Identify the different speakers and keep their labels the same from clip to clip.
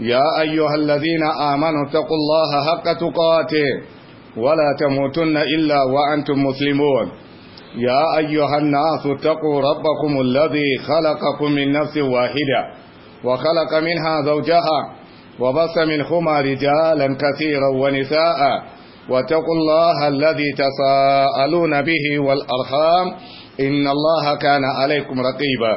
Speaker 1: يا أيها الذين آمنوا اتقوا الله حق تقاته ولا تموتن إلا وأنتم مسلمون يا أيها الناس اتقوا ربكم الذي خلقكم من نفس واحدة وخلق منها زوجها وبص منهما رجالا كثيرا ونساء واتقوا الله الذي تساءلون به والأرحام إن الله كان عليكم رقيبا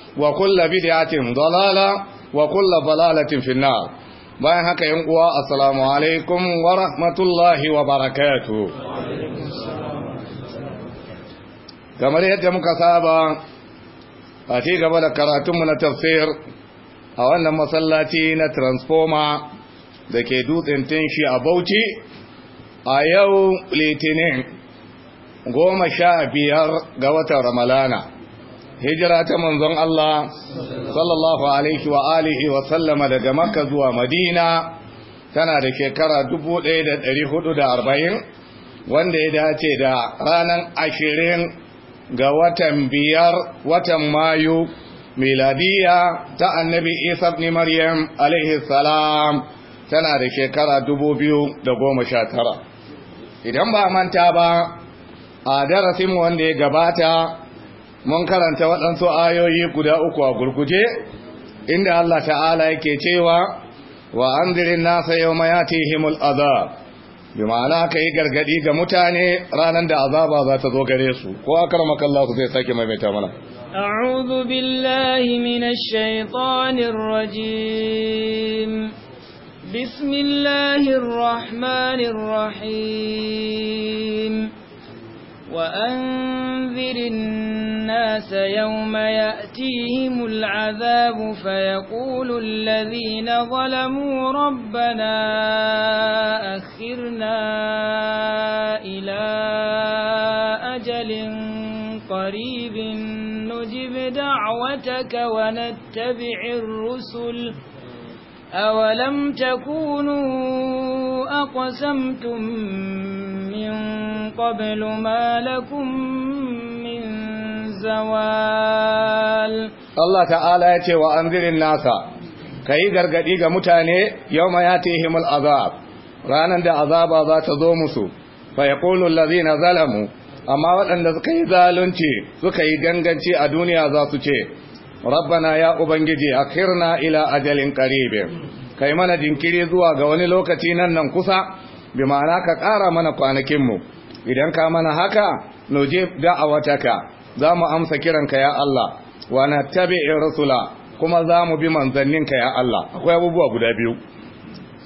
Speaker 1: wa kulla bid'atin dalala wa kulla balalatin finnar bayan haka yan uwa assalamu alaikum wa rahmatullahi wa barakatuh kamar yadda muka saba a ci gaba da karatunmu na tafsir a wannan masallaci na transformer da ke dutsen tinshi a bauchi a yau litinin goma sha biyar ga watan ramalana hijira ta manzon Allah sallallahu alaihi wa alihi wa sallama daga makka zuwa madina tana da shekara 1440 wanda ya dace da ranar ashirin ga watan biyar watan mayu miladiya ta annabi isa ibn maryam alaihi salam tana da shekara 2019 idan ba manta ba a darasin wanda ya gabata mun karanta waɗansu ayoyi guda uku a gurguje inda Allah ta'ala yake cewa wa anzirin nasa yau ma himul azab bi ma'ana ka yi gargadi ga mutane ranar da azaba za ta zo gare su ko akar makalla ku zai sake maimaita mana
Speaker 2: وأنذر الناس يوم يأتيهم العذاب فيقول الذين ظلموا ربنا أخرنا إلى أجل قريب نجب دعوتك ونتبع الرسل A walamta kunu, akwai zamtunni kwabin lumana kunmin
Speaker 1: zawal. Sallah Ta'ala ya ce wa anzirin nasa, ka yi ga mutane yau ma ya ta yi Ranar da azaba za ta zo musu bai kunu Lazin a amma waɗanda suka yi zalunci suka yi ganganci a duniya za su ce. rabbana ya ubangiji akhirna ila ajalin qarib kai mana jinkiri zuwa ga wani lokaci nan nan kusa bi ma'ana ka kara mana kwanakin mu idan ka mana haka noje da'awataka za mu amsa kiranka ya Allah wa nattabi'ir rasula kuma za mu bi manzanninka ya Allah akwai abubuwa guda biyu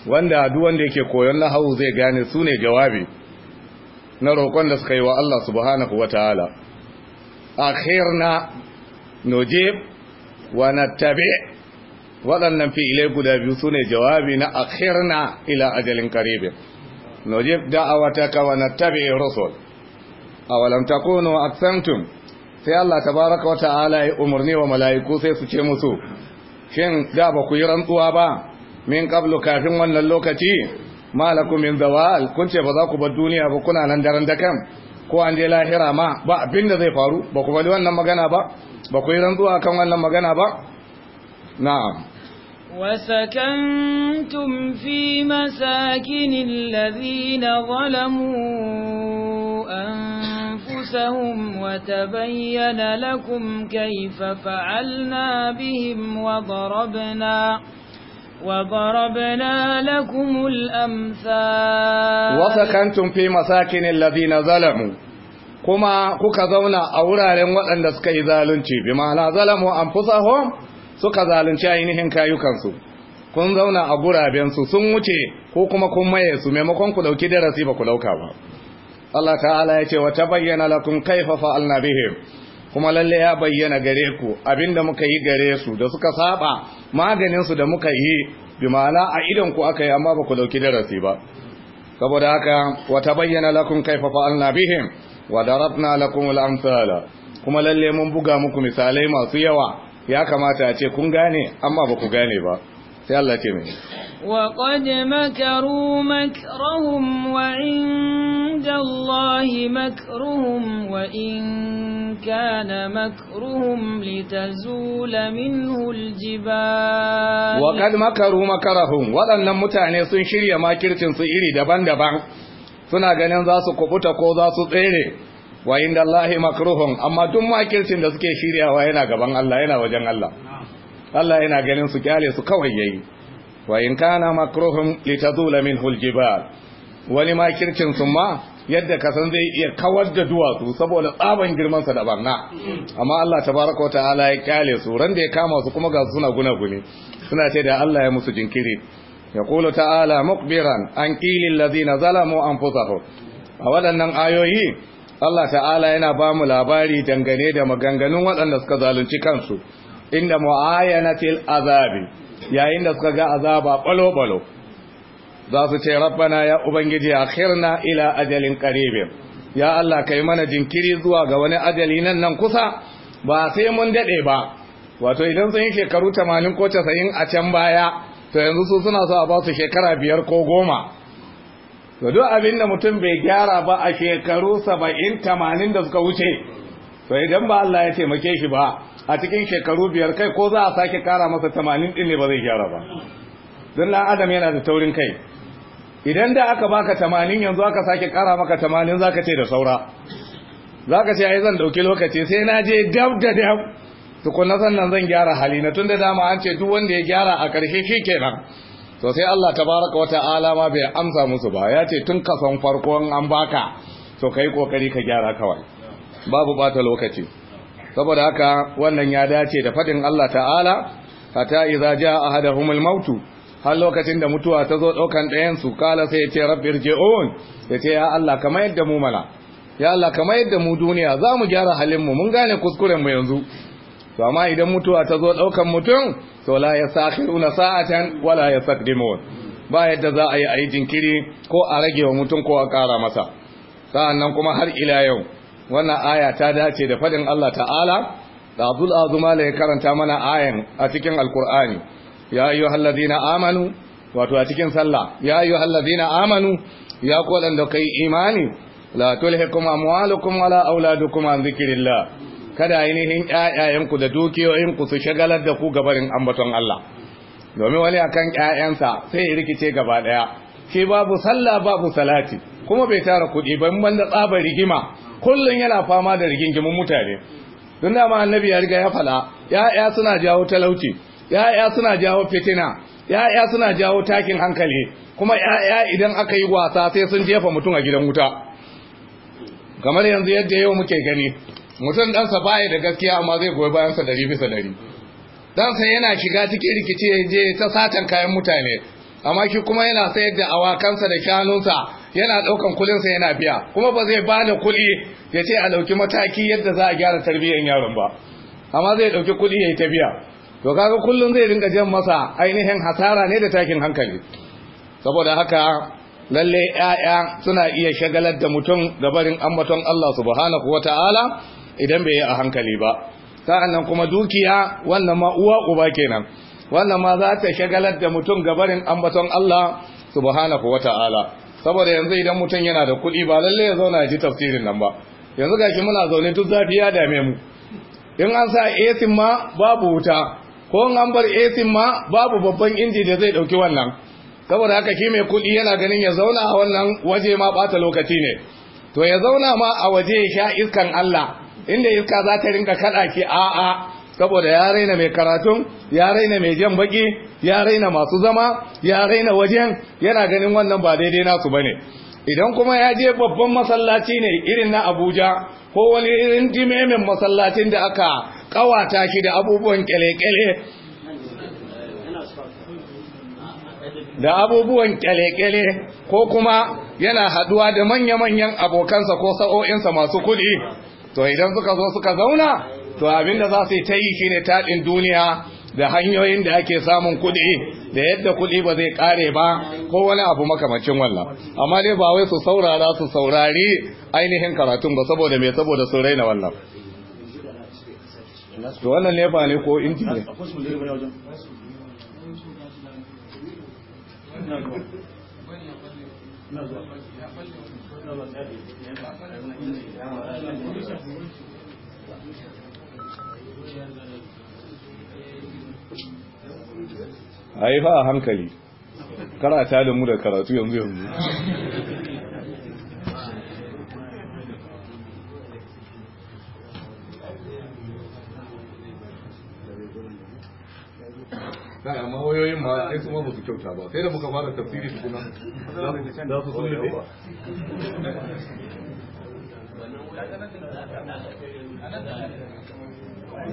Speaker 1: wanda duk wanda yake koyon lahawu zai gane sune jawabi na roƙon da suka yi wa Allah subhanahu wataala akhirna noje. wa nattabi waɗannan fi'ilai guda biyu su ne jawabi na akhirna ila ajalin karibin nujib da'awataka wa nattabi rusul awalam takunu aksantum sai Allah tabaraka wa ta'ala ya umarni wa mala'iku sai su ce musu shin da ba ku yi rantsuwa ba min qablu kafin wannan lokaci malakum min zawal kun ce ba za ku bar duniya ba kuna nan daren dakan ko an je lahira ma ba abin da zai faru ba ku bali wannan magana ba ba ku yi rantsuwa kan wannan magana ba na'am
Speaker 2: وسكنتم في مساكن الذين ظلموا أنفسهم وتبين لكم كيف فعلنا بهم وضربنا وضربنا لكم الأمثال
Speaker 1: وسكنتم في مساكن الذين ظلموا كما كوكا زونا أورا لنوات أن تسكي بما لا ظلموا أنفسهم suka zalunci ainihin kayukansu kun zauna a gurabensu sun wuce ko kuma kun maye su maimakon ku dauki darasi ba ku dauka ba Allah ta'ala ya ce wa tabayyana lakum kaifa fa'alna bihim kuma lalle ya bayyana gare ku abinda muka yi gare su da suka saba maganin su da muka yi bi ma'ana a idan ku aka yi amma ba ku dauki darasi ba saboda haka wa bayyana lakum kayfa fa'alna bihim wa darabna lakum al-amsala kuma lalle mun buga muku misalai masu yawa ya kamata a ce kun gane amma ba ku gane ba sai Allah ce mai
Speaker 2: وقد مكروا مكرهم وعند الله مكرهم وإن كان مكرهم لتزول منه الجبال وقد
Speaker 1: مكروا مكرهم ولن متعني سن شريا ما كرتن سئري دبان دبان suna ganin za su kubuta ko za su tsere wa inda Allahi makruhun amma duk makircin da suke shiryawa yana gaban Allah yana wajen Allah Allah yana ganin su kyale su kawai yayi wa in kana makruhum litazula minhu aljibal wani ma kirkin sun ma yadda ka san zai iya kawar da duwatsu saboda tsaban girman sa da barna amma Allah tabaraka wa ta'ala ya kyale su ran da ya kama su kuma ga suna guna gune suna ce da Allah ya musu jinkiri yaqulu ta'ala mukbiran an qila allazina zalamu anfusahum a waɗannan ayoyi Allah ta'ala yana ba mu labari dangane da maganganun waɗanda suka zalunci kansu inda mu'ayanatil azabi yayin da suka ga azaba balo-balo za su ce rabbana ya ubangiji akhirna ila ajalin qaribin ya Allah kai mana jinkiri zuwa ga wani ajali nan nan kusa ba sai mun daɗe ba wato idan sun yi shekaru 80 ko 90 a can baya to yanzu su suna so a ba su shekara biyar ko goma to duk abin da mutum bai gyara ba a shekaru 70 80 da suka wuce to idan ba Allah ya taimake shi ba a cikin shekaru biyar kai ko za a sake kara masa tamanin ɗin ne ba zai gyara ba don na adam yana da taurin kai idan da aka baka tamanin yanzu aka sake kara maka tamanin za ka ce da saura za ka ce ai zan dauki lokaci sai na je dab da dab tukunna sannan zan gyara na tun da dama an ce duk wanda ya gyara a ƙarshe shi kenan to sai Allah tabaraka wa wata alama bai amsa musu ba ya ce tun kasan farkon an baka to kai kokari ka gyara kawai babu bata lokaci saboda haka wannan ya dace da faɗin Allah ta'ala hatta idza jaa ahaduhumul mautu har lokacin da mutuwa ta zo ɗaukan ɗayan su kala sai ya ce rabbir ji'un ya ce ya Allah kamar yadda mu mana ya Allah kamar yadda mu duniya za mu gyara halin mu mun gane kuskuren mu yanzu to amma idan mutuwa ta zo ɗaukan mutum to la yasakhiruna sa'atan wala yastaqdimun ba yadda za a yi a yi jinkiri ko a rage wa mutum ko a kara masa sa'annan kuma har ila yau wannan aya ta dace da fadin Allah ta'ala da Abdul Azuma ya karanta mana ayan a cikin Alkur'ani ya ayyuhal na amanu wato a cikin sallah ya ayyuhal na amanu ya ku da kai imani la tulhikum amwalukum wala auladukum an zikrillah kada ainihin ƴaƴayenku da dukiyoyinku su shagalar da ku gabarin ambaton Allah domin wani akan ƴaƴansa sai ya rikice gaba ɗaya, shi babu sallah babu salati kuma bai tara kuɗi ba in banda tsabar rigima kullum yana fama da rigingimin mutane don dama annabi ya riga ya fala ya'ya suna jawo talauci ya'ya suna jawo fitina ya'ya suna jawo takin hankali kuma ya'ya idan aka yi wasa sai sun jefa mutum a gidan wuta kamar yanzu yadda yau muke gani mutum ɗansa baya da gaskiya amma zai goyi bayansa dari bisa ɗari ɗansa yana shiga cikin rikici ya je ta satan kayan mutane amma shi kuma yana sayar da awakansa da shanunsa yana daukan sa yana biya kuma ba zai bani kuɗi ya ce a dauki mataki yadda za a gyara tarbiyyar yaron ba amma zai dauki kuɗi ya yi ta biya to kaga kullun zai dinga jan masa ainihin hasara ne da takin hankali saboda haka lalle 'ya'ya suna iya shagalar da mutum da barin ambaton Allah subhanahu wataala idan bai yi a hankali ba sa'annan kuma dukiya wannan ma uwa uba kenan wannan ma za ta shagalar da mutum gabarin ambaton Allah subhanahu wata'ala saboda yanzu idan mutum yana da kuɗi ba lalle ya zauna ya ji tafsirin nan ba yanzu gashi muna zaune duk zafi ya dame mu in an sa esin ma babu wuta ko in an bar esin ma babu babban inji da zai ɗauki wannan saboda haka shi mai kuɗi yana ganin ya zauna a wannan waje ma bata lokaci ne to ya zauna ma a waje ya sha iskan Allah inda iska za ta rinka kaɗa ki a'a saboda ya raina mai karatun ya raina mai jan baki ya raina masu zama ya raina wajen yana ganin wannan ba daidai nasu bane idan kuma ya je babban masallaci ne irin na Abuja ko wani irin dimemin masallacin da aka kawata shi da abubuwan ƙyale kyale da abubuwan ko kuma yana haduwa da manya-manyan abokansa ko sa'o'insa masu kuɗi to idan suka zo suka zauna to abinda za su yi ta yi shine taɗin duniya da hanyoyin da ake samun kuɗi da yadda kuɗi ba zai ƙare ba ko wani abu makamacin wannan amma dai ba wai su saurara su saurari ainihin karatun ba saboda mai saboda su raina wannan
Speaker 3: to wannan nefa ne ko inji ne Thank you.
Speaker 1: a yi fa a hankali karata da mu da karatu yanzu
Speaker 3: yanzu
Speaker 1: kai amma wayoyin ma sai kuma ba su kyauta ba sai da muka fara tafsiri tukuna za su sun lube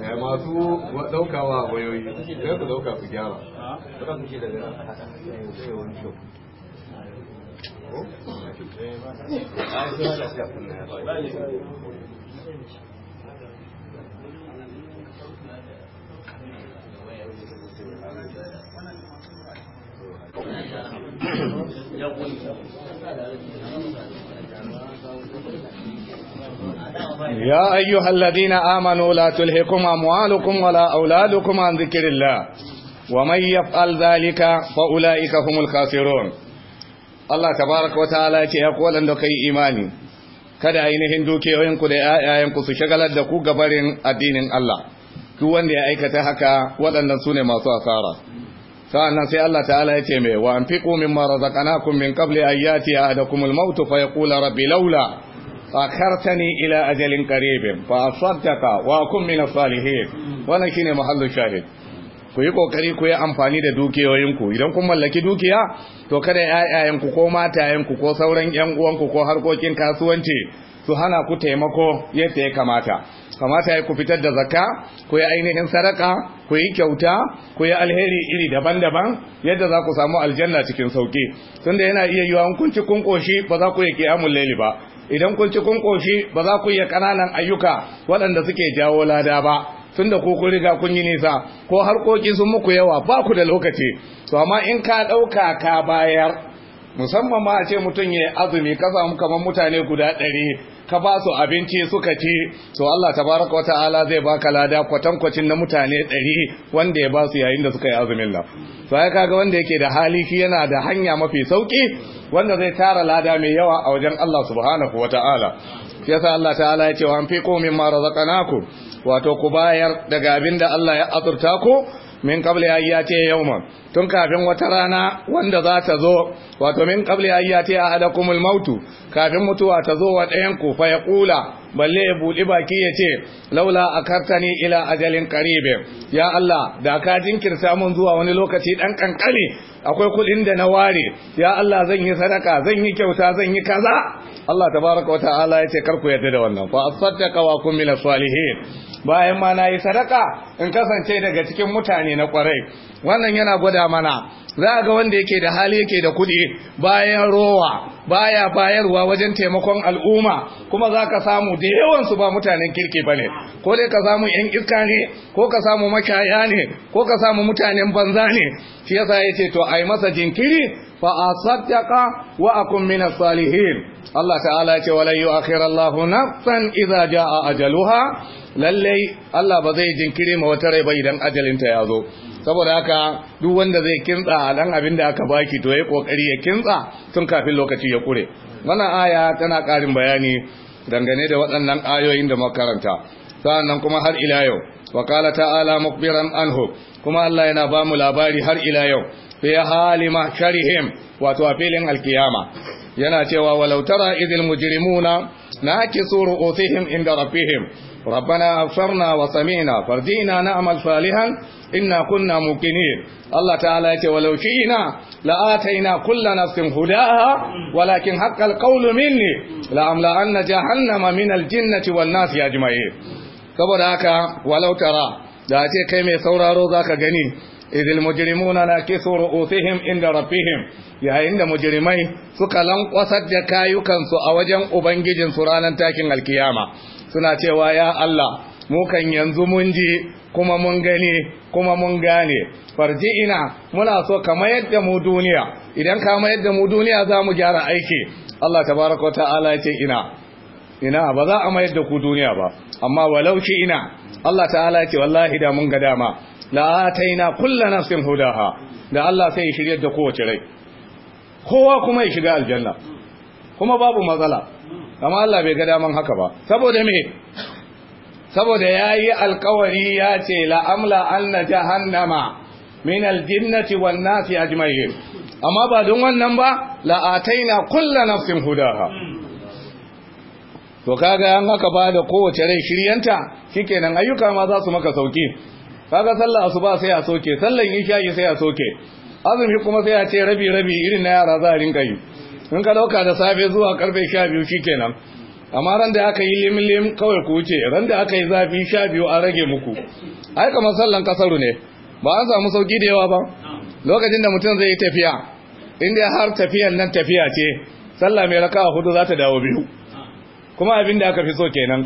Speaker 3: ya masu daukawa wayoyi sai su dauka su gyara
Speaker 1: يا أيها الذين آمنوا لا تلهكم أموالكم ولا أولادكم عن ذكر الله ومن يفعل ذلك فأولئك هم الخاسرون الله تبارك وتعالى يقول أن إيماني kada ainihin dukiyoyinku da ‘ya'yayenku su shagalar da ku gabarin addinin Allah, duk wanda ya aikata haka waɗannan su ne masu asara. sa'annan sai Allah ta'ala ya ce mai wa an anfiqu mimma razaqnakum min ya an da da kuma mautu fa ya kula rabbi laula a akhartani ila ajalin ba a asaddaka wa kun mina salihin wannan shine mahallin shahid ku yi ƙoƙari ku yi amfani da dukiyoyinku idan kun mallaki dukiya to kada yayayanku ko matayenku ko sauran yan uwanku ko harkokin kasuwanci su hana ku taimako yadda ya kamata kamata ya ku fitar da zakka ku yi ainihin saraka, ku yi kyauta ku yi alheri iri daban-daban yadda za ku samu aljanna cikin sauki tunda yana iya yiwa kun ci kun koshi ba za ku yi kiyamul laili ba idan kun ci kun koshi ba za ku yi kananan ayyuka waɗanda suke jawo lada ba tun da kun riga kun yi nisa ko harkoki sun muku yawa ba ku da lokaci to amma in ka ɗauka ka bayar musamman ma a ce mutum ya yi azumi ka samu kamar mutane guda ɗari ka ba su abinci suka ci to Allah tabaraka wata'ala zai baka lada kwatankwacin na mutane 100 wanda ya ba su yayin da suka yi azumin la to ai kaga wanda yake da hali shi yana da hanya mafi sauki wanda zai tara lada mai yawa a wajen Allah subhanahu wata'ala yasa Allah ta'ala ya ce wa anfiqu mimma razaqnakum wato ku bayar daga abin da Allah ya azurta ku min qabli ayyati yawma tun kafin wata rana wanda za ta zo wato min qabli ayyati ahadakumul mautu kafin mutuwa ta zo wa ɗayan ku fa yaqula balle ya buɗi baki ya ce laula a ila ajalin karibe ya Allah da ka jinkirta mun zuwa wani lokaci ɗan ƙanƙani akwai kuɗin da na ware ya Allah zan yi sadaka zan yi kyauta zan yi kaza Allah tabaraka wa ta'ala ya ce kar ku yarda da wannan fa asaddaqa wa kun min salihin bayan ma na yi sadaka in kasance daga cikin mutane na kwarai wannan yana gwada mana za a ga wanda yake da hali yake da kuɗi bayan rowa baya bayarwa wajen taimakon al'umma kuma za ka samu da yawansu ba mutanen kirki ba ne ko dai ka samu yan iska ne ko ka samu makaya ne ko ka samu mutanen banza ne shi yasa ya ce to a masa jinkiri fa a saddaka wa akun min salihin Allah ta'ala ce wala yu'akhiru Allahu nafsan idza jaa ajaluha lallai Allah ba zai jinkiri ma wata rai ba idan ajalinta ya zo saboda haka duk wanda zai kintsa dan abin da aka baki to yayi kokari ya kintsa tun kafin lokaci ya kure wannan aya tana karin bayani dangane da waɗannan ayoyin da makaranta nan kuma har ila yau wa qala ta'ala mukbiran anhu kuma Allah yana ba mu labari har ila yau fi hali mahsharihim wato a filin alkiyama yana cewa walau tara idil mujrimuna nakisu usihim inda rabbihim ربنا أبصرنا وسمعنا فارجعنا نعمل صالحا إنا كنا موقنين الله تعالى يقول ولو شئنا لآتينا كل نفس هداها ولكن حق القول مني لأملأن جهنم من الجنة والناس أجمعين saboda haka walau tara da ce kai mai sauraro zaka gani idil na la kisu ru'usihim inda rabbihim yayin da mujirimai suka lankwasar da kayukansu a wajen ubangijinsu ranar takin alkiyama suna cewa ya Allah mukan yanzu mun ji kuma mun gani kuma mun gane farji ina muna so ka mayar da mu duniya idan ka mayar mu duniya za mu gyara aiki Allah tabaraka ta'ala ce ina ina ba za a mayar da ku duniya ba amma walau ki ina Allah ta'ala ce wallahi da mun ga dama la ataina kullu nafsin hudaha da Allah sai ya shiryar da kowace rai kowa kuma ya shiga aljanna kuma babu matsala amma Allah bai ga daman haka ba saboda me saboda yayi alkawari ya ce la amla anna jahannama min aljinnati wan nasi ajma'in amma ba don wannan ba la ataina kullu nafsin hudaha to kaga an haka ba da kowace rai shiryanta shikenan ayyuka ma za su maka sauki kaga sallah asuba sai a soke sallan isha'i sai a soke azumi kuma sai a ce rabi rabi irin na yara za a rinka yi in ka dauka da safe zuwa karfe sha biyu shi kenan amma ran da aka yi limlim kawai ku wuce ran da aka yi zafi sha biyu an rage muku ai kamar sallan kasaru ne ba an samu sauki da yawa ba lokacin da mutum zai yi tafiya inda har tafiyan nan tafiya ce sallah mai raka hudu za ta dawo biyu kuma abin da aka fi so kenan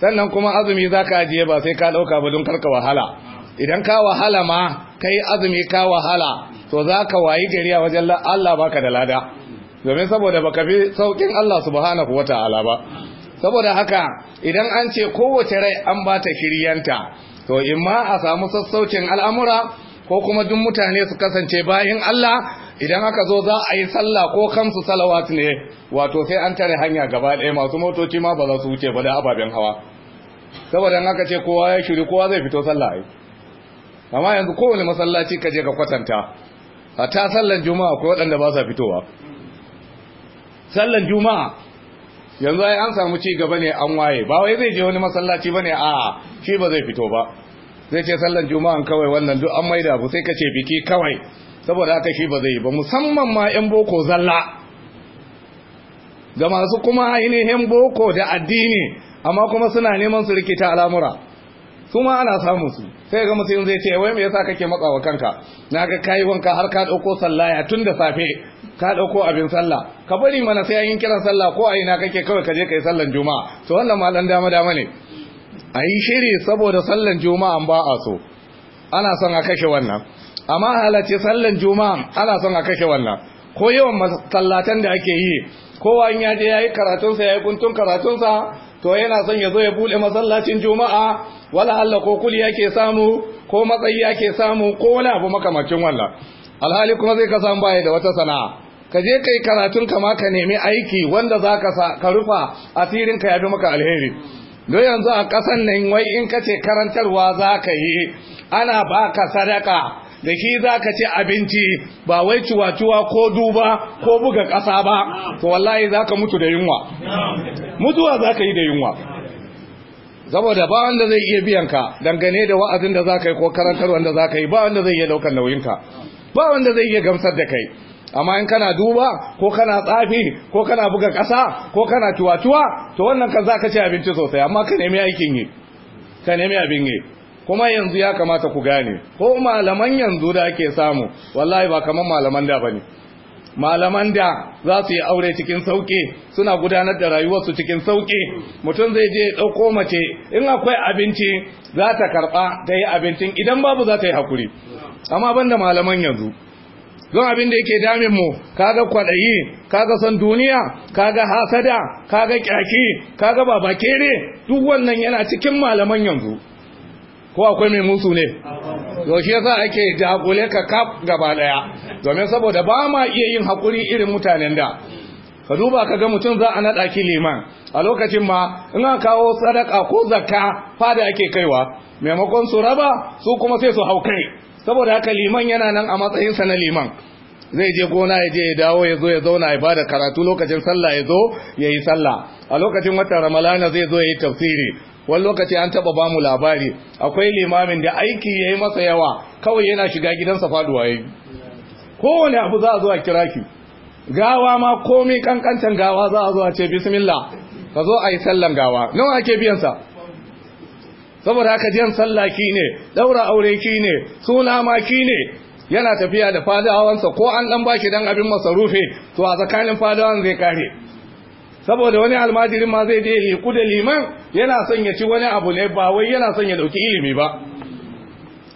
Speaker 1: sannan kuma azumi za ka ajiye ba sai ka ɗauka ba don karka wahala idan ka wahala ma ka yi azumi ka wahala to za ka wayi gari a wajen Allah baka da lada domin saboda baka fi saukin Allah subhanahu wata'ala ba saboda haka idan an ce kowace rai an ba ta shiryanta to in ma a samu sassaucin al'amura ko kuma duk mutane su kasance bayan Allah idan aka zo za a yi sallah ko kamsu salawat ne wato sai an tare hanya gaba ɗaya masu motoci ma ba za su wuce ba da ababen hawa saboda haka ce kowa ya shiri kowa zai fito sallah ai amma yanzu kowane masallaci ka je ka kwatanta a ta sallan juma'a akwai waɗanda ba sa fitowa sallan juma'a yanzu ai an samu ci gaba ne an waye ba wai zai je wani masallaci bane a shi ba zai fito ba zai ce sallan juma'an kawai wannan duk an maida ku sai kace biki kawai saboda haka shi ba zai yi ba musamman ma yan boko zalla ga masu kuma ainihin boko da addini amma kuma suna neman su rikita al'amura su ma ana samun su sai ga mutum zai ce wai me yasa kake matsawa kanka na ga kayi wanka har ka dauko sallaya tun da safe ka ɗauko abin sallah ka bari mana sai yin kiran sallah ko a ina kake kawai ka je kai sallan juma'a to wannan ma dan dama dama ne a yi shiri saboda sallan juma'an ba a so ana son a kashe wannan amma halarci sallan juma'an ana son a kashe wannan ko yawan masallatan da ake yi kowa in ya je ya yi sa ya yi kuntun sa, to yana son ya zo ya bude masallacin juma'a wala Allah ko kuli yake samu ko matsayi yake samu ko wani abu makamacin wannan alhali kuma zai ka samu baya da wata sana'a ka je kai karatun ma ka nemi aiki wanda za ka ka rufa asirin ka yafi maka alheri don yanzu a ƙasan nan wai in ka ce karantarwa za ka yi ana ba ka sadaka da shi za ka ci abinci ba wai ciwa-ciwa ko duba ko buga ƙasa ba to wallahi za ka mutu da yunwa mutuwa za ka yi da yunwa saboda ba wanda zai iya biyan ka dangane da wa'azin da za ka yi ko karantar wanda za ka yi ba wanda zai iya daukar nauyinka ba wanda zai iya gamsar da kai amma in kana duba ko kana tsafi ko kana buga ƙasa ko kana tuwa-tuwa to wannan kan za ka ci abinci sosai amma ka nemi aikin yi ka nemi abin yi kuma yanzu ya kamata ku gane ko malaman yanzu da ake samu wallahi ba kamar malaman da ba ne malaman da za su yi aure cikin sauƙi suna gudanar da rayuwarsu cikin sauƙi mutum zai je ɗauko mace in akwai abinci za ta karɓa ta yi abincin idan babu za ta yi haƙuri amma banda malaman yanzu don abin da yake damin mu kaga kwadayi kaga san duniya kaga hasada kaga kyaki kaga babakere duk wannan yana cikin malaman yanzu ko akwai mai musu ne yaushe yasa ake dakule ka kaf gaba ɗaya? domin saboda ba ma iya yin hakuri irin mutanen da ka duba ka ga mutum za a naɗa ki liman a lokacin ma in an kawo sadaka ko zakka fada ake kaiwa maimakon su raba su kuma sai su hau kai saboda haka liman yana nan a matsayinsa na liman zai je gona ya je ya dawo ya zo ya zauna ya bada karatu lokacin sallah ya zo ya yi sallah a lokacin wata ramalana zai zo ya yi tafsiri wani lokaci an taba ba mu labari akwai limamin da aiki ya yi masa yawa kawai yana shiga gidansa faduwa ya yi kowane abu za a zo a kira ki gawa ma komi kankantan gawa za a zo a ce bismillah ka zo a yi sallan gawa nawa ake sa saboda haka jiyan sallah ki ne daura aure ki ne suna ma ki ne yana tafiya da fadawansa ko an dan shi dan abin masarufi to a tsakanin fadawan zai kare saboda wani almajirin ma zai je liku da liman yana son ya ci wani abu ne ba wai yana son ya ɗauki ilimi ba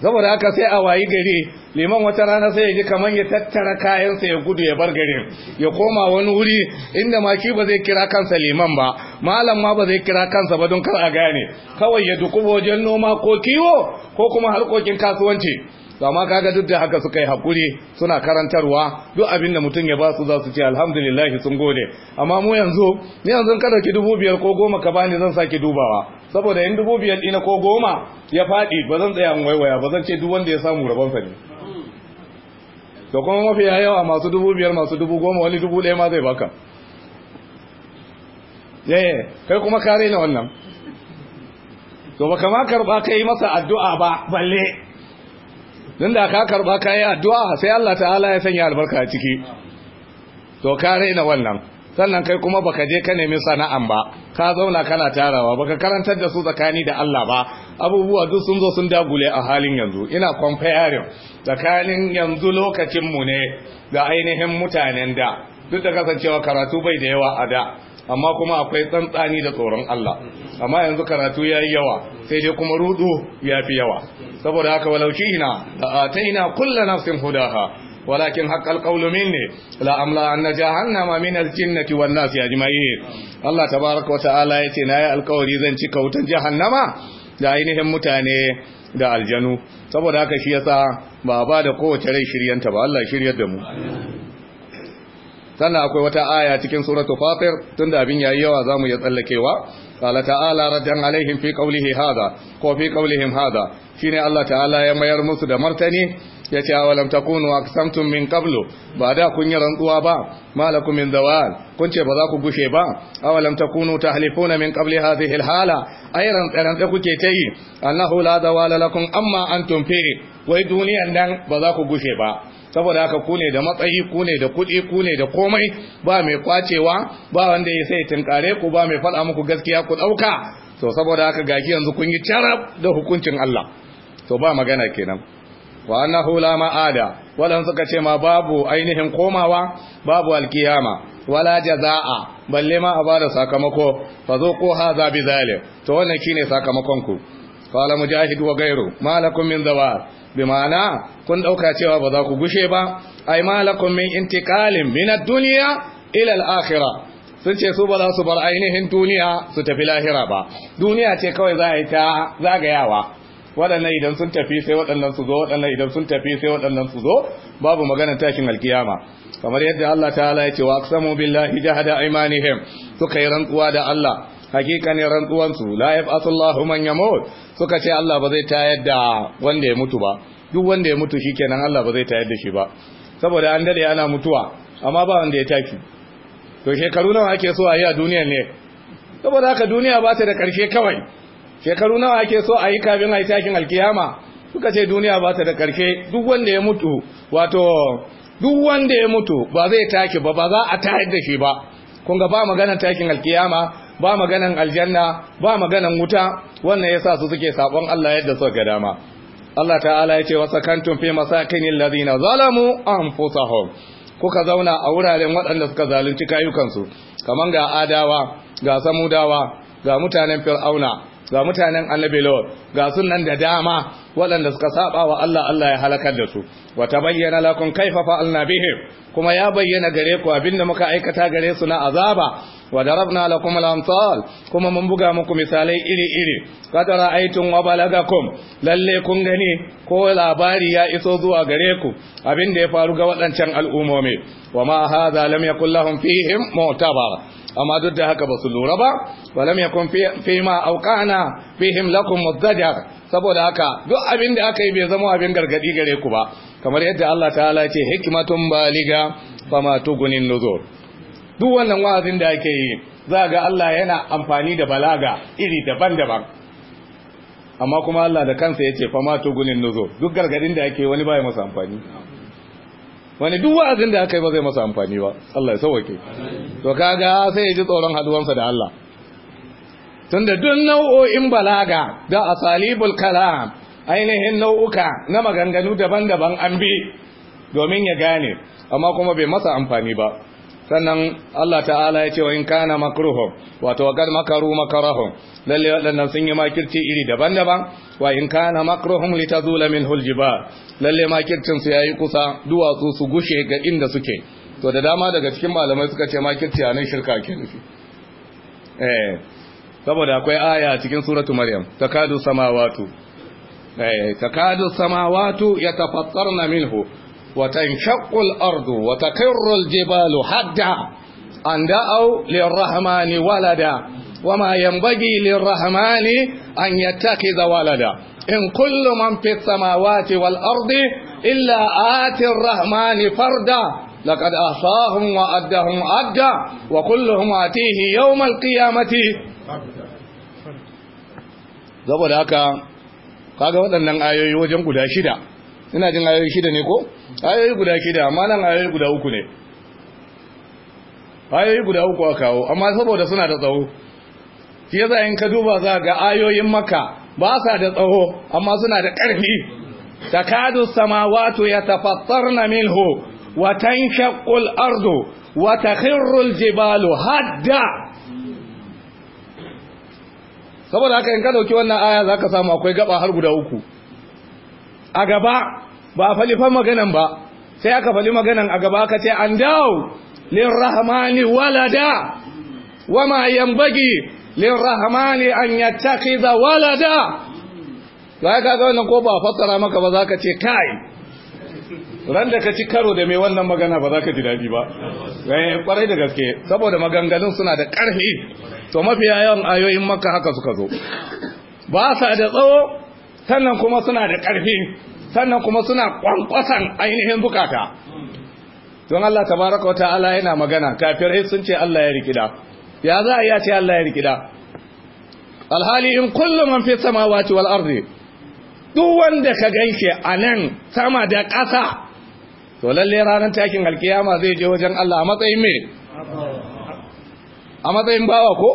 Speaker 1: saboda aka sai a wayi gari liman wata rana sai ya kamar ya tattara kayansa ya gudu ya bar gari, ya koma wani wuri inda maki ba zai kira kansa liman ba malam ma ba zai kira kansa ba don kar a gane kawai ya dukubo wajen noma ko kiwo ko kuma harkokin kasuwanci to amma kaga duk da haka suka yi hakuri suna karantarwa duk abinda mutum ya ba su za su ce alhamdulillah sun gode amma mu yanzu ni yanzu ka dauki dubu biyar ko goma ka bani zan saki dubawa saboda in dubu biyar dina ko goma ya faɗi ba zan tsaya in waiwaya ba zan ce duk wanda ya samu rabon sa ne da kuma mafi yawa masu dubu biyar masu dubu goma wani dubu ɗaya ma zai baka yaye kai kuma kare na wannan to ba kama karba ka yi masa addu'a ba balle don da ka karba ka yi addu'a sai Allah ta'ala ya sanya albarka a ciki to ka raina wannan sannan kai kuma baka je ka nemi sana'an ba ka zauna kana tarawa baka karantar da su tsakani da Allah ba abubuwa duk sun zo sun dagule a halin yanzu ina comparing tsakanin yanzu lokacin mu ne da ainihin mutanen da duk da kasancewa karatu bai da yawa a da amma kuma akwai tsantsani da tsoron Allah amma yanzu karatu ya yi yawa sai dai kuma rudu yafi yawa saboda haka walaushina la ataina kullu nafsin hudaha walakin haqqal qawlu minni la amla anna jahannama min al-jinnati wan nasi ajma'in Allah tabaaraka wa ta'ala yace nayi alƙawari zan cika wutan jahannama da ainihin mutane da aljanu saboda haka shi yasa ba ba da kowace rai shiryanta ba Allah shiryar da mu sannan akwai wata aya cikin suratul fatir tunda abin yayi yawa zamu ya tsallakewa qala ta'ala raddan alaihim fi qawlihi hadha ko fi qawlihim hadha shine Allah ta'ala ya mayar musu da martani yace awalam takunu aqsamtum min qablu ba da kun yi rantsuwa ba malakum min zawal kun ce ba za ku gushe ba awalam takunu tahlifuna min qabli hadhihi alhala ayran tsaran kuke tayi annahu la zawala lakum amma antum fi wai duniyan nan ba za ku gushe ba saboda haka ku ne da matsayi ku ne da kuɗi ku ne da komai ba mai kwacewa ba wanda ya sai tunkare ku ba mai faɗa muku gaskiya ku ɗauka to saboda haka gaki yanzu kun yi carab da hukuncin Allah to ba magana kenan wa annahu la ma'ada wadan suka ce ma babu ainihin komawa babu alkiyama wala jaza'a balle ma a bada sakamako fa zo ko haza bi zalim to wannan shine sakamakon ku qala mujahid wa gairu. malakum min zawar bi kun dauka cewa ba za ku gushe ba ai malakum min intikalin min duniya dunya ila al sun ce su ba za su bar ainihin duniya su tafi lahira ba duniya ce kawai za a yi ta zagayawa waɗannan idan sun tafi sai waɗannan su zo waɗannan idan sun tafi sai waɗannan su zo babu maganar tashin alkiyama kamar yadda Allah Ta ya ce wa aqsamu billahi jahada aymanihim suka yi rantsuwa da Allah rantsuwan rantsuwansu la Allahu man yamut suka ce Allah ba zai tayar da wanda ya mutu ba duk wanda ya mutu shikenan Allah ba zai tayar da shi ba saboda an dade ana mutuwa amma ba wanda ya taki to shekaru nawa ake so a yi a duniya ne saboda haka duniya ba ta da karshe kawai shekaru nawa ake so a yi kafin a yi takin alkiyama suka ce duniya ba ta da karshe duk wanda ya mutu wato duk wanda ya mutu ba zai taki ba ba za a tayar da shi ba kun ga ba magana takin alkiyama ba maganan aljanna ba maganan wuta wannan yasa su suke sabon Allah yadda suka ga dama Allah ta'ala ya ce wa sakantum fi masakinil ladina zalamu anfusahum kuka zauna a wuraren waɗanda suka zalunci kayukansu kaman ga adawa ga samudawa ga mutanen fir'auna ga mutanen anabelo, ga sunan da dama waɗanda suka saba wa Allah Allah ya halakar da su wa bayyana, lakum kaifa fa'alna bihim kuma ya bayyana gare ku abinda muka aikata gare su na azaba wa darabna lakum al kuma mun buga muku misalai iri-iri qadara aitun wa balagakum lalle kun gani ko labari ya iso zuwa gare ku abinda ya faru ga waɗancan al'umomi wa ma hadha lam yakul lahum fihim mu'tabar amma duk da haka ba su lura ba walam yakun fi ma auqana fihim lakum mudhajar saboda haka duk abin da aka yi bai zama abin gargadi gare ku ba kamar yadda Allah ta'ala ce hikmatun baliga ma tugunin nuzur duk wannan wa'azin da ake yi za ga Allah yana amfani da balaga iri daban-daban amma kuma Allah da kansa yace ma tugunin nuzur duk gargadin da ake wani bai masa amfani wani duk wa'azin da aka yi ba zai masa amfani ba Allah ya sauke to kaga sai ya ji tsoron haduwansa da Allah tunda duk nau'o'in balaga da asalibul kalam ainihin nau'uka na maganganu daban-daban an bi domin ya gane amma kuma bai masa amfani ba sannan Allah ta'ala ya ce wa in kana makruhum wato wa makaru makarahum lalle wadannan sun yi makirci iri daban-daban wa in kana makruhum litazula minhu aljibal lalle makircin su yayi kusa duwatsu su gushe ga inda suke to da dama daga cikin malamai suka ce makirci anan shirka ke nufi eh saboda akwai aya cikin suratu maryam takadu samawatu إيه، تكاد السماوات يتفطرن منه وتنشق الأرض وتقر الجبال حدا أن دعوا للرحمن ولدا وما ينبغي للرحمن أن يتخذ ولدا إن كل من في السماوات والأرض إلا آتي الرحمن فردا لقد أحصاهم وأدهم أدا وكلهم آتيه يوم القيامة saboda haka kaga waɗannan ayoyi wajen guda shida ina jin ayoyi shida ne ko ayoyi guda shida amma nan ayoyi guda uku ne ayoyi guda uku a kawo amma saboda suna da tsawo shi yasa in ka duba za ga ayoyin maka ba sa da tsawo amma suna da ƙarfi takadu samawatu yatafattarna minhu wa tanshaqqu al-ardu wa takhirru al-jibalu hadda saboda haka in ka dauki wannan aya za ka samu akwai gaba har guda uku a gaba ba a fali maganan ba sai aka fali maganan a gaba aka ce an dawo lirrahmani walada wama lin lirrahmani an yattakhidha walada ba ka ga wannan ko ba fassara maka ba zaka ce kai ran da ka ci karo da mai wannan magana ba za ka ji daɗi ba kwarai eh, da gaske saboda maganganun suna da ƙarfi to mafiya yawan ayoyin maka haka suka zo ba sa da tsawo sannan kuma suna da ƙarfi sannan kuma suna kwankwasan ainihin bukata don Allah tabaraka wa ta'ala yana magana kafirai sun ce Allah ya rikida ya za a iya ce Allah ya rikida alhali in kullum man fi samawati wal ardi duk wanda ka ganke a nan sama da ƙasa to lalle ranar takin alkiyama zai je wajen Allah a matsayin me a matsayin bawa ko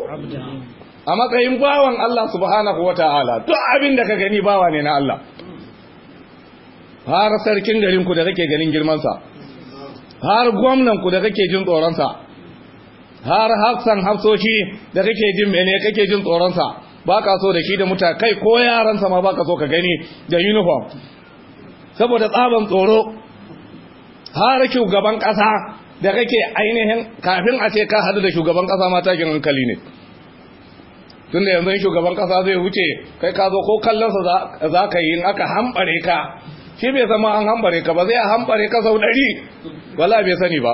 Speaker 1: a matsayin bawan Allah subhanahu wataala duk abin da ka gani bawa ne na Allah har sarkin garin ku da kake ganin girman sa har gwamnan ku da kake jin tsoron sa har hafsan hafsoshi da kake jin mene kake jin tsoron sa ba ka so da shi da mutakai ko yaransa ma ba ka so ka gani da uniform saboda tsaban tsoro har shugaban kasa da kake ainihin kafin a ce ka hadu da shugaban ƙasa matakin hankali ne tun da yanzu shugaban kasa zai wuce kai ka zo ko kallon sa za ka yi in aka hambare ka shi bai zama an hambare ka ba zai hambare ka sau ɗari wala bai sani ba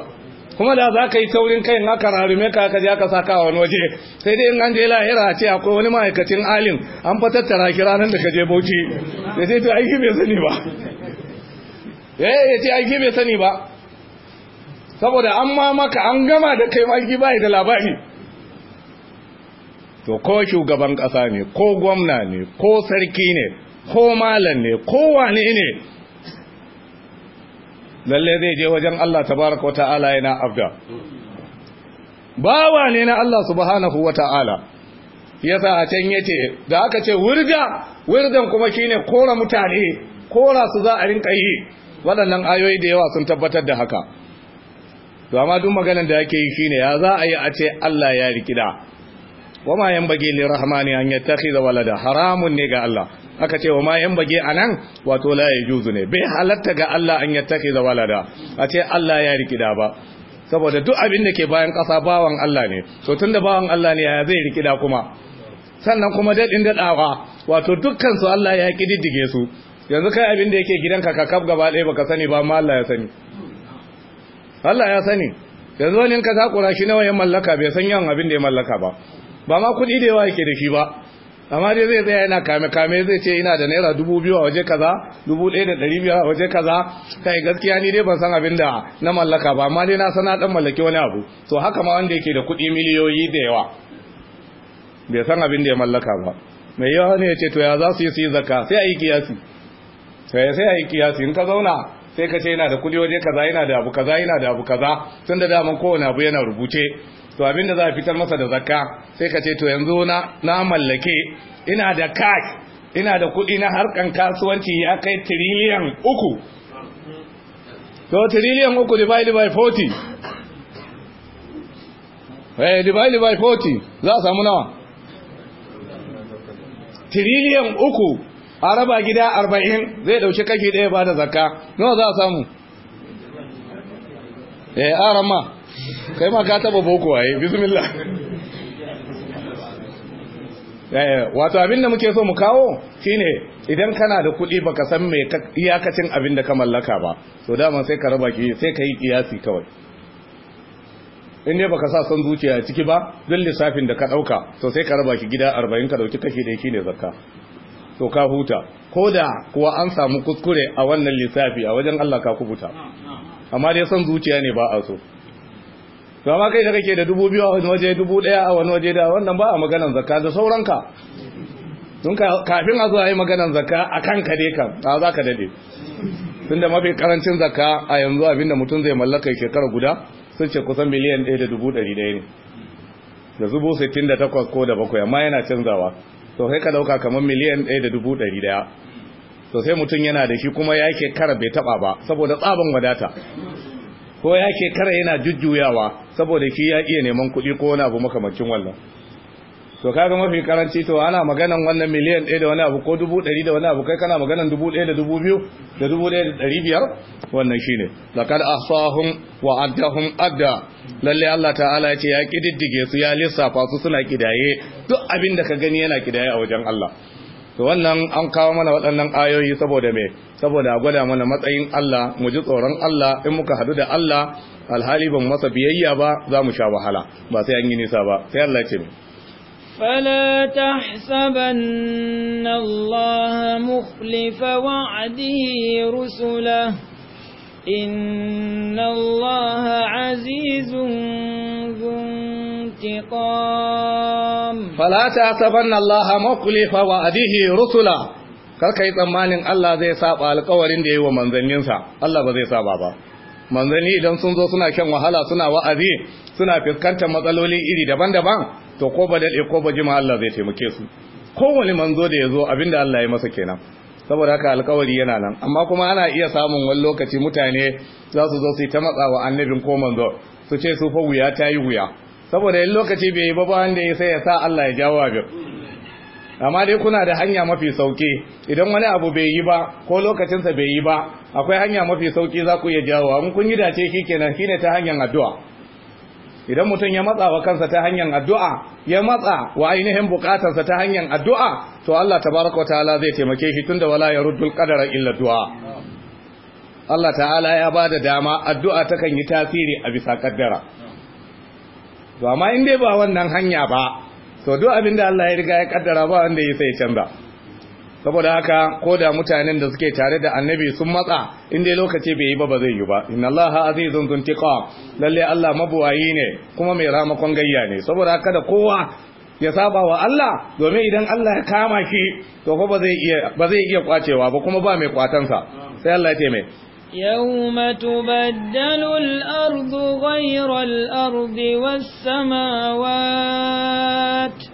Speaker 1: kuma da za ka yi taurin kai in aka rarume ka ka je aka saka wani waje sai dai in an je lahira ce akwai wani ma'aikacin alin an fa tattara ranar da ka je bauchi da sai to aiki bai sani ba Eh, ya ce aiki bai sani ba saboda an ma maka an gama da kai aiki bai da labari to ko shugaban ƙasa ne ko gwamna ne ko sarki ne ko malam ne ko wane ne lalle zai je wajen Allah tabaraka wata'ala yana abda bawa ne na Allah subhanahu wata'ala yasa a can yace da aka ce wurga wurgan kuma shine kora mutane kora su za a rinka yi waɗannan ayoyi da yawa sun tabbatar da haka to amma duk maganar da yake yi shine ya za a yi a ce Allah ya rikida wama li rahmani an yattakhidha walada haramun ne ga Allah aka ce wama bage anan wato la yajuzu ne bai halatta ga Allah an yattakhidha walada a ce Allah ya rikida ba saboda duk abin da ke bayan ƙasa bawan Allah ne to tunda bawan Allah ne ya zai rikida kuma sannan kuma daɗin daɗawa wato dukkan su Allah ya kididdige su yanzu kai abin da yake gidanka ka kaf gaba ɗaya baka sani ba amma Allah ya sani Allah ya sani yanzu wani ka kura shi nawa ya mallaka bai san yawan abin da ya mallaka ba ba ma kuɗi da yawa yake da shi ba amma dai zai tsaya yana kame kame zai ce ina da naira dubu biyu a waje kaza dubu ɗaya da ɗari biyar a waje kaza kai gaskiya ni dai ban san abin da na mallaka ba amma dai na sana ɗan mallaki wani abu to haka ma wanda yake da kuɗi miliyoyi da yawa bai san abin da ya mallaka ba mai yawa ne ya ce to ya za su yi su yi zakka sai a yi kiyasi sai sai ayi kiyasi in ka zauna sai ka ce yana da kudi waje kaza yana da abu kaza yana da abu kaza tun da daman kowane abu yana rubuce to abin da za a fitar masa da zakka sai ka ce to yanzu na na mallake ina da cash ina da kudi na harkan kasuwanci ya kai tiriliyan uku to tiriliyan uku divided by 40 eh divided by 40 za a samu nawa tiriliyan uku a raba gida arba'in zai ɗauki kashi ɗaya ba da zakka nawa za a samu eh aran ma kai ma ka taba boko waye bismillah eh, wato abin da muke so mu kawo shine idan kana da kuɗi baka san me iyakacin abin da ka mallaka ba to dama sai ka raba ki sai ka yi kiyasi kawai in ba baka sa son zuciya ciki ba don lissafin da ka ɗauka to sai ka raba ki gida arba'in ka ɗauki kashi ɗaya shine zakka to ka huta ko da kuwa an samu kuskure a wannan lissafi a wajen Allah ka kubuta amma dai son zuciya ne ba a so to amma kai da kake da dubu biyu a wani waje dubu daya a wani waje da wannan ba a maganan zakka da sauranka tun kafin a zo a yi maganan zakka a ka dai kan a za ka dade tun da mafi karancin zakka a yanzu abinda mutum zai mallaka shekara guda sun ce kusan miliyan ɗaya da dubu ɗaya ne da zubo sittin da takwas ko da bakwai amma yana canzawa to sai ka dauka kamar miliyan 1.100 to sai mutum yana da shi kuma ya ke kara bai taba ba saboda tsaban wadata ko ya ke kara yana jujjuyawa saboda shi ya iya neman kuɗi ko wani abu makamancin wannan to kaga mafi karanci to ana maganan wannan miliyan ɗaya da wani abu ko dubu ɗari da wani abu kai kana maganan dubu ɗaya da dubu biyu da dubu ɗaya da ɗari biyar wannan shine laqad ahsahum wa addahum adda lalle Allah ta'ala ya ce ya kididdige su ya lissafa su suna kidaye duk abin da ka gani yana kidaye a wajen Allah to wannan an kawo mana waɗannan ayoyi saboda me saboda a gwada mana matsayin Allah mu ji tsoron Allah in muka hadu da Allah alhali ban masa biyayya ba za mu sha wahala ba sai an yi nisa ba sai Allah ya ce
Speaker 2: فلا تحسبن الله مخلف وعده رسله إن الله عزيز ذو انتقام
Speaker 1: فلا تحسبن الله مخلف وعده رسله karka yi tsammanin Allah zai saba alkawarin da ya yi wa manzanninsa Allah ba zai saba ba manzanni idan sun zo suna shan wahala suna wa'azi suna fuskantar matsaloli iri daban-daban to ko ba daɗe ko ba jima Allah zai taimake su kowane manzo da ya zo abinda Allah ya masa kenan saboda haka alkawari yana nan amma kuma ana iya samun wani lokaci mutane za su zo su ta matsawa wa annabin ko manzo su ce su fa wuya ta yi wuya saboda yin lokaci bai yi ba ba wanda ya sai ya sa Allah ya jawo abin amma dai kuna da hanya mafi sauki idan wani abu bai yi ba ko lokacinsa bai yi ba akwai hanya mafi sauki za ku iya jawo in kun yi dace kenan shine ta hanyar addu'a idan mutum ya matsa wa kansa ta hanyar addu'a ya matsa wa ainihin bukatarsa ta hanyar addu'a to Allah tabaraka wa ta'ala zai taimake shi tun da wala ya rudul ƙadarar illa du'a Allah ta'ala ya ba da dama addu'a takan yi tasiri a bisa ƙaddara to amma in dai ba wannan hanya ba to duk abin da Allah ya riga ya ƙaddara ba wanda ya sai canza saboda haka ko da mutanen da suke tare da annabi sun matsa in dai lokaci bai yi ba ba zai yi ba inna allaha azizun zuntiqa lalle allah mabuwayi ne kuma mai ramakon gayya ne saboda haka da kowa ya saba wa Allah domin idan Allah ya kama shi to ko ba zai iya ba zai iya kwacewa ba kuma ba mai kwatansa sai Allah ya ce mai
Speaker 2: يوم تبدل الأرض غير الأرض والسماوات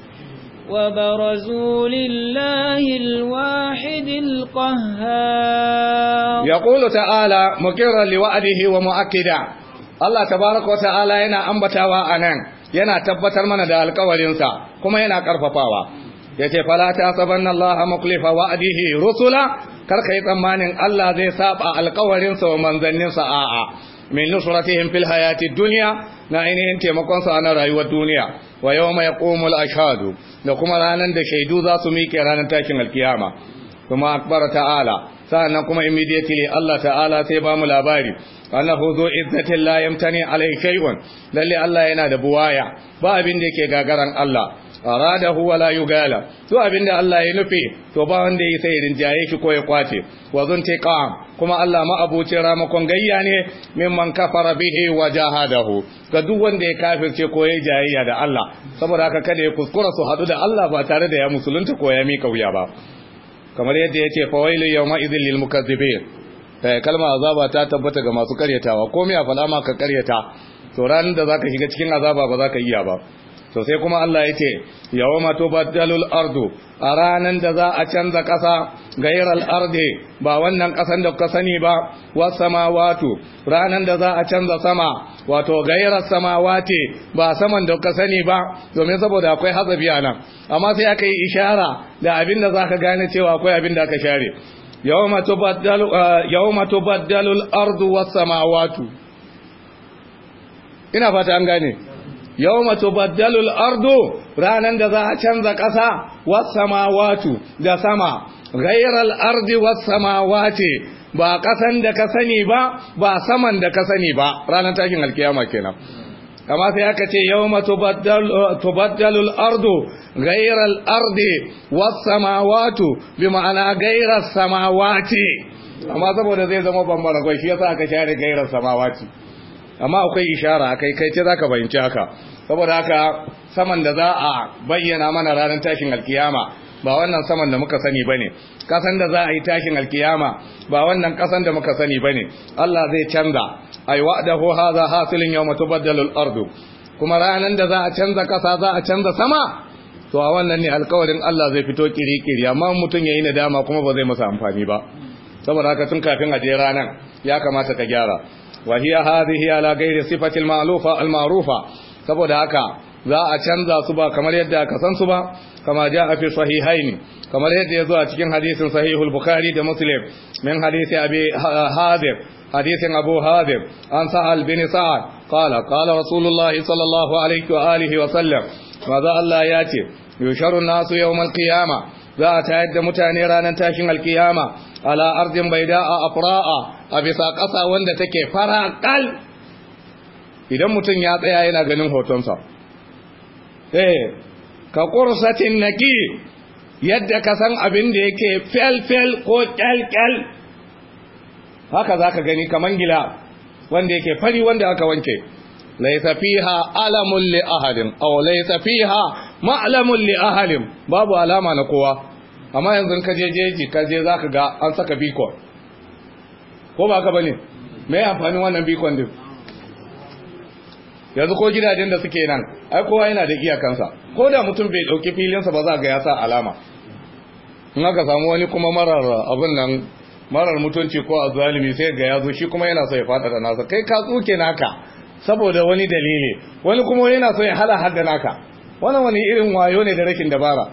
Speaker 2: وبرزوا لله الواحد القهار
Speaker 1: يقول تعالى مقرا لوعده ومؤكدا الله تبارك وتعالى yana أنبتاوا أنان ينا تبتر من دا القولنسا كما ينا كرففاوا yace fala ta sabanna Allah mukhlifa wa'dihi rusula kar kai tsammanin Allah zai saba alƙawarin sa wa manzannin sa a'a min nusratihim fil hayati dunya na ainihin taimakon sa na rayuwar duniya wa yawma yaqumul ashhadu da kuma ranar da shaidu za su miƙe ranar tashin alkiyama kuma akbar ta'ala sa'annan kuma immediately Allah ta'ala sai ba mu labari annahu zu izzatin la yamtani alai shay'un lalle Allah yana da buwaya ba abin da yake gagaran Allah huwa la yugala to abinda Allah ya nufi to ba wanda ya sai jaye shi ko ya kwace wa zuntiqam kuma Allah ma rama ramakon gayya ne mimman kafara bihi wa jahadahu ga duk wanda ya kafirce ko ya jayayya da Allah saboda haka kada ya kuskura su hadu da Allah ba tare da ya musulunta ko ya mika wuya ba kamar yadda yace fawailu yawma idhil lil mukazzibin eh, kalma azaba ta tabbata ga masu karyatawa ko a falama ka karyata to ranar da zaka shiga cikin azaba ba zaka iya ba to sai kuma Allah ya ce yawma ardu a ranan da za a canza ƙasa gairal arde ba wannan ƙasan da ka sani ba was samawatu ranan da za a canza sama wato gairar samawati ba saman da sani ba domin saboda akwai hazabi a nan amma sai aka yi ishara da abin da ka gane cewa akwai abin da aka share yawma tubaddalu yawma ardu was samawatu ina fata an gane yau mato baddalul ardu ranar da za a canza ƙasa wasu da sama gairar ardi wasu ce ba ƙasan da ka sani ba ba saman da ka sani ba ranar takin alkiyama kenan kama sai aka ce yau mato baddalul ardu gairar ardi wasu bi ma'ana gairar samawace amma saboda zai zama bambara kwai shi yasa aka share gairar samawace amma akwai ishara kai kai ce zaka bayanci haka saboda haka saman da za a bayyana mana ranar tashin alkiyama ba wannan saman da muka sani bane kasan da za a yi tashin alkiyama ba wannan kasan da muka sani bane Allah zai canza ai wa'dahu hadha hasilun yawma tubaddalu al-ardu kuma ranan da za a canza kasa za a canza sama to a wannan ne alƙawarin Allah zai fito kirikiri amma mutum yayi nadama kuma ba zai masa amfani ba saboda haka tun kafin a je ranan ya kamata ka gyara wa hiya hadhihi ala ghairi sifati al-ma'lufa al-ma'rufa saboda haka za a canza su ba kamar yadda aka san su ba kama ja a fi sahihaini kamar yadda ya zo a cikin hadisin sahihul bukhari da muslim min hadisi abi hadir hadisin abu hadir an sa'al bin sa'ad qala qala rasulullah sallallahu alaihi wa alihi wa maza Allah ya ce Yusharun nasu yawmal qiyamah za a tayar da mutane ranar tashin alkiyama ala arzin a afra'a a bisa ƙasa wanda take fara idan mutum ya tsaya yana ganin hotonsa eh ka qursatin naqi yadda ka san abin da yake fel fel ko kyal kyal haka zaka gani kaman gila wanda yake fari wanda aka wanke laisa fiha alamun li ahadin aw laisa fiha ma'lamun li babu alama na kowa amma yanzu ka je jeji ka je za ka ga an saka bikon ko ba ka bane mai amfanin wannan bikon din yanzu ko gidajen da suke nan ai kowa yana da iyakansa ko da mutum bai dauki filinsa ba za ga ya sa alama in aka samu wani kuma marar abin nan marar mutunci ko azalimi sai ga ya zo shi kuma yana so ya fada da nasa kai ka tsuke naka saboda wani dalili wani kuma yana so ya hada hada naka wannan wani irin wayo ne da rashin dabara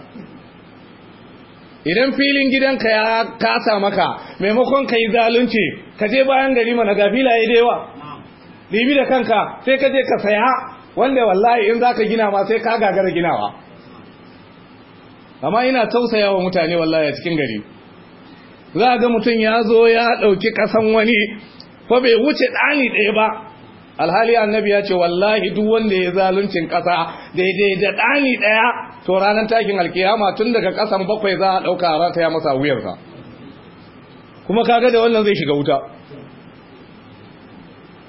Speaker 1: idan filin gidanka ya kasa maka maimakon ka yi zalunci ka je bayan gari mana ga filaye da yawa Libi da kanka sai ka je ka saya wanda wallahi in za ka gina ma sai ka gagara ginawa amma ina tausaya wa mutane wallahi a cikin gari za ga mutum ya zo ya ɗauki ƙasan wani ko bai wuce ɗani ɗaya ba alhali annabi ya ce wallahi duk wanda ya zaluncin ƙasa daidai da ɗani ɗaya to ranar takin alkiyama tun daga kasan bakwai za a dauka ta ya masa wuyar wuyarsa kuma kaga da wannan zai shiga wuta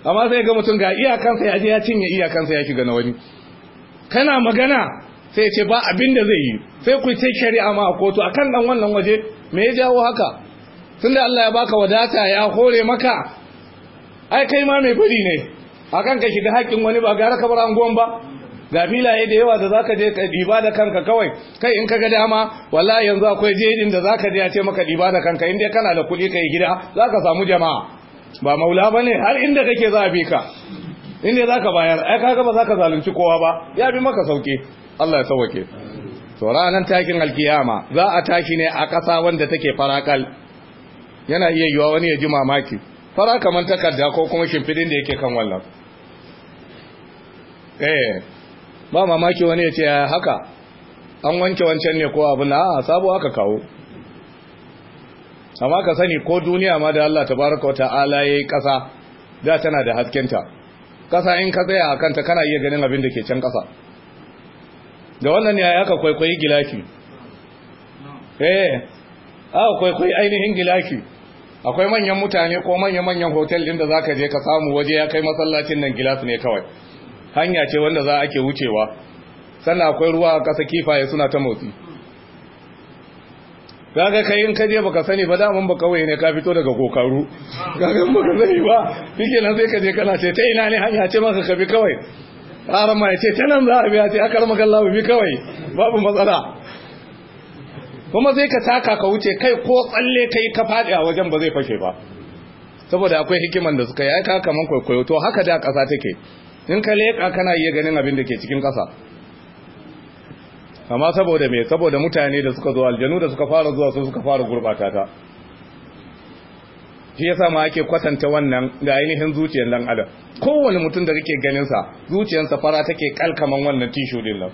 Speaker 1: amma sai ga mutum ga iyakansa ya je ya cinye iyakansa ya shiga na wani kana magana sai ya ce ba abin da zai yi sai ku ce shari'a ma a kotu akan dan wannan waje me ya jawo haka tunda Allah ya baka wadata ya hore maka ai kai ma mai bari ne akan ka shiga haƙƙin wani ba gara ka bar anguwan ba ga filaye da yawa da za ka je ka ɗiba da kanka kawai kai in ka ga dama wala yanzu akwai jejin da za ka je a ce maka ɗiba da kanka in dai kana da kuɗi ka yi gida za ka samu jama'a ba maula bane har inda kake za a bi ka in dai ka bayar ai kaga ba za ka zalunci kowa ba ya bi maka sauke Allah ya sauke to ranan takin alkiyama za a taki ne a ƙasa wanda take farakal yana iya yiwa wani ya ji mamaki fara kamar takarda ko kuma shimfidin da yake kan wallan eh ba mamaki wani ya ce haka an wanke wancan ne ko abu na sabo aka kawo amma ka sani ko duniya ma da Allah tabaraka wa ta'ala yayi kasa da tana da haskenta kasa in ka tsaya a kanta kana iya ganin abin da ke can kasa da wannan ne aka kwaikwayi gilaki eh aka kwaikwayi ainihin gilashi? akwai manyan mutane ko manyan manyan hotel din da zaka je ka samu waje ya kai masallacin nan gilas ne kawai hanya ce wanda za a ke wucewa sannan akwai ruwa a ƙasa kifaye suna ta motsi ka kai in kaje baka sani ba daman ba kawai ne ka fito daga kokaru kaga baka sani ba shike nan sai kaje kana ce ta ina ne hanya ce maka ka bi kawai har ma ce ta nan za a biya ce akar maka Allah bi kawai babu matsala kuma sai ka taka ka wuce kai ko tsalle kai ka fadi a wajen ba zai fashe ba saboda akwai hikiman da suka yi aika kaman kwaikwayo to haka da ƙasa take in ka leƙa kana iya ganin abin da ke cikin ƙasa amma saboda me saboda mutane da suka zo aljanu da suka fara zuwa su suka fara gurɓata ta shi yasa ma ake kwatanta wannan da ainihin zuciyar dan adam kowane mutum da kake ganin sa zuciyarsa fara take kalkaman wannan tishu din nan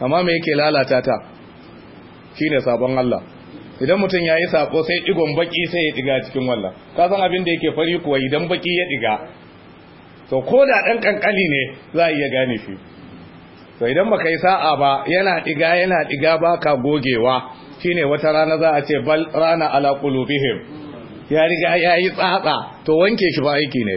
Speaker 1: amma me yake lalata ta shine sabon Allah idan mutum ya yi sako sai igon baki sai ya diga cikin wallah ka san abin da yake fari kuwa idan baki ya diga so ko da ɗan ƙanƙali ne za a iya gane shi so idan baka yi sa'a ba yana ɗiga yana ɗiga ba ka gogewa shine wata rana za a ce bal rana ala qulubihim ya riga ya yi tsatsa to wanke shi ba aiki ne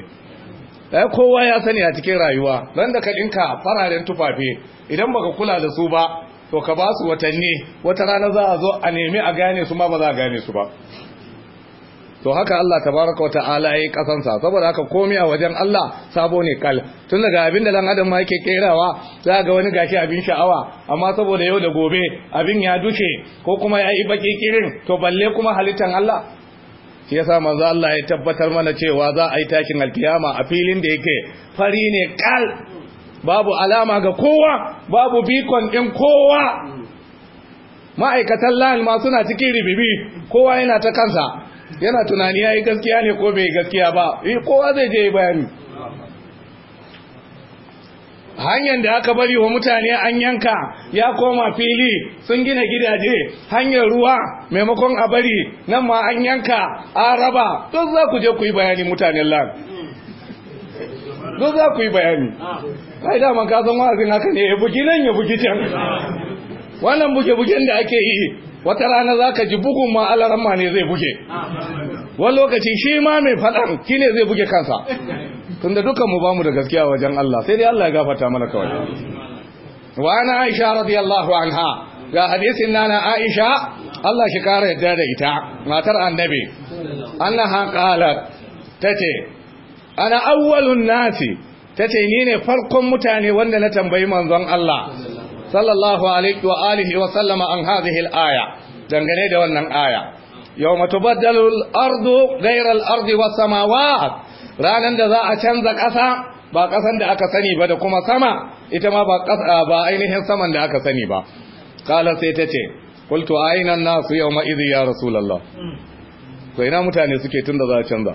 Speaker 1: ɗaya eh, kowa ya sani a cikin rayuwa don da ka ɗinka fararen tufafi idan baka kula da su ba to ka ba su watanni wata rana za a zo a nemi a gane su ma ba za a gane su ba to haka Allah tabaraka wa ta'ala yayi kasansa saboda haka komai a wajen Allah sabo ne kal tun daga abin da dan adam ma yake kairawa za ga wani gashi abin sha'awa amma saboda yau da gobe abin ya duke ko kuma yayi baki kirin to balle kuma halittan Allah shi yasa manzo Allah ya tabbatar mana cewa za a yi takin alkiyama a filin da yake fari ne kal babu alama ga kowa babu bikon din kowa ma'aikatan lahal ma suna cikin ribibi kowa yana ta kansa yana tunani ya yi gaskiya ne ko bai gaskiya ba eh, kowa zai je bayani hanyar da aka bari wa mutane an yanka ya koma fili sun gina gidaje hanyar ruwa maimakon a bari nan ma an yanka an raba don za ku je ku yi bayani mutanen lan Don za ku yi bayani kai dama ka san wa'azin haka ne ya bugi nan ya bugi can wannan buge-bugen da ake yi wata rana za ka ji bugun ma alaramma ne zai buge wani lokaci shi ma mai faɗan shi ne zai buge kansa tunda dukan mu bamu da gaskiya wajen Allah sai dai Allah ya gafarta mana kawai wa ana Aisha radiyallahu anha ga hadisin nana Aisha Allah shi kara yadda da ita matar annabi annaha qalat tace ana awwalun nasi tace ni ne farkon mutane wanda na tambayi manzon Allah sallallahu alaihi wa alihi wa sallama an hadhihi al-aya dangane da wannan aya yawma tubaddalu al-ardu ghayra al-ardi was samawat ranan da za a canza kasa ba kasan da aka sani ba da kuma sama ita ma ba ba ainihin saman da aka sani ba kala sai ta ce qultu aina an-nasu yawma idhi ya rasulullah ko ina mutane suke tunda za a canza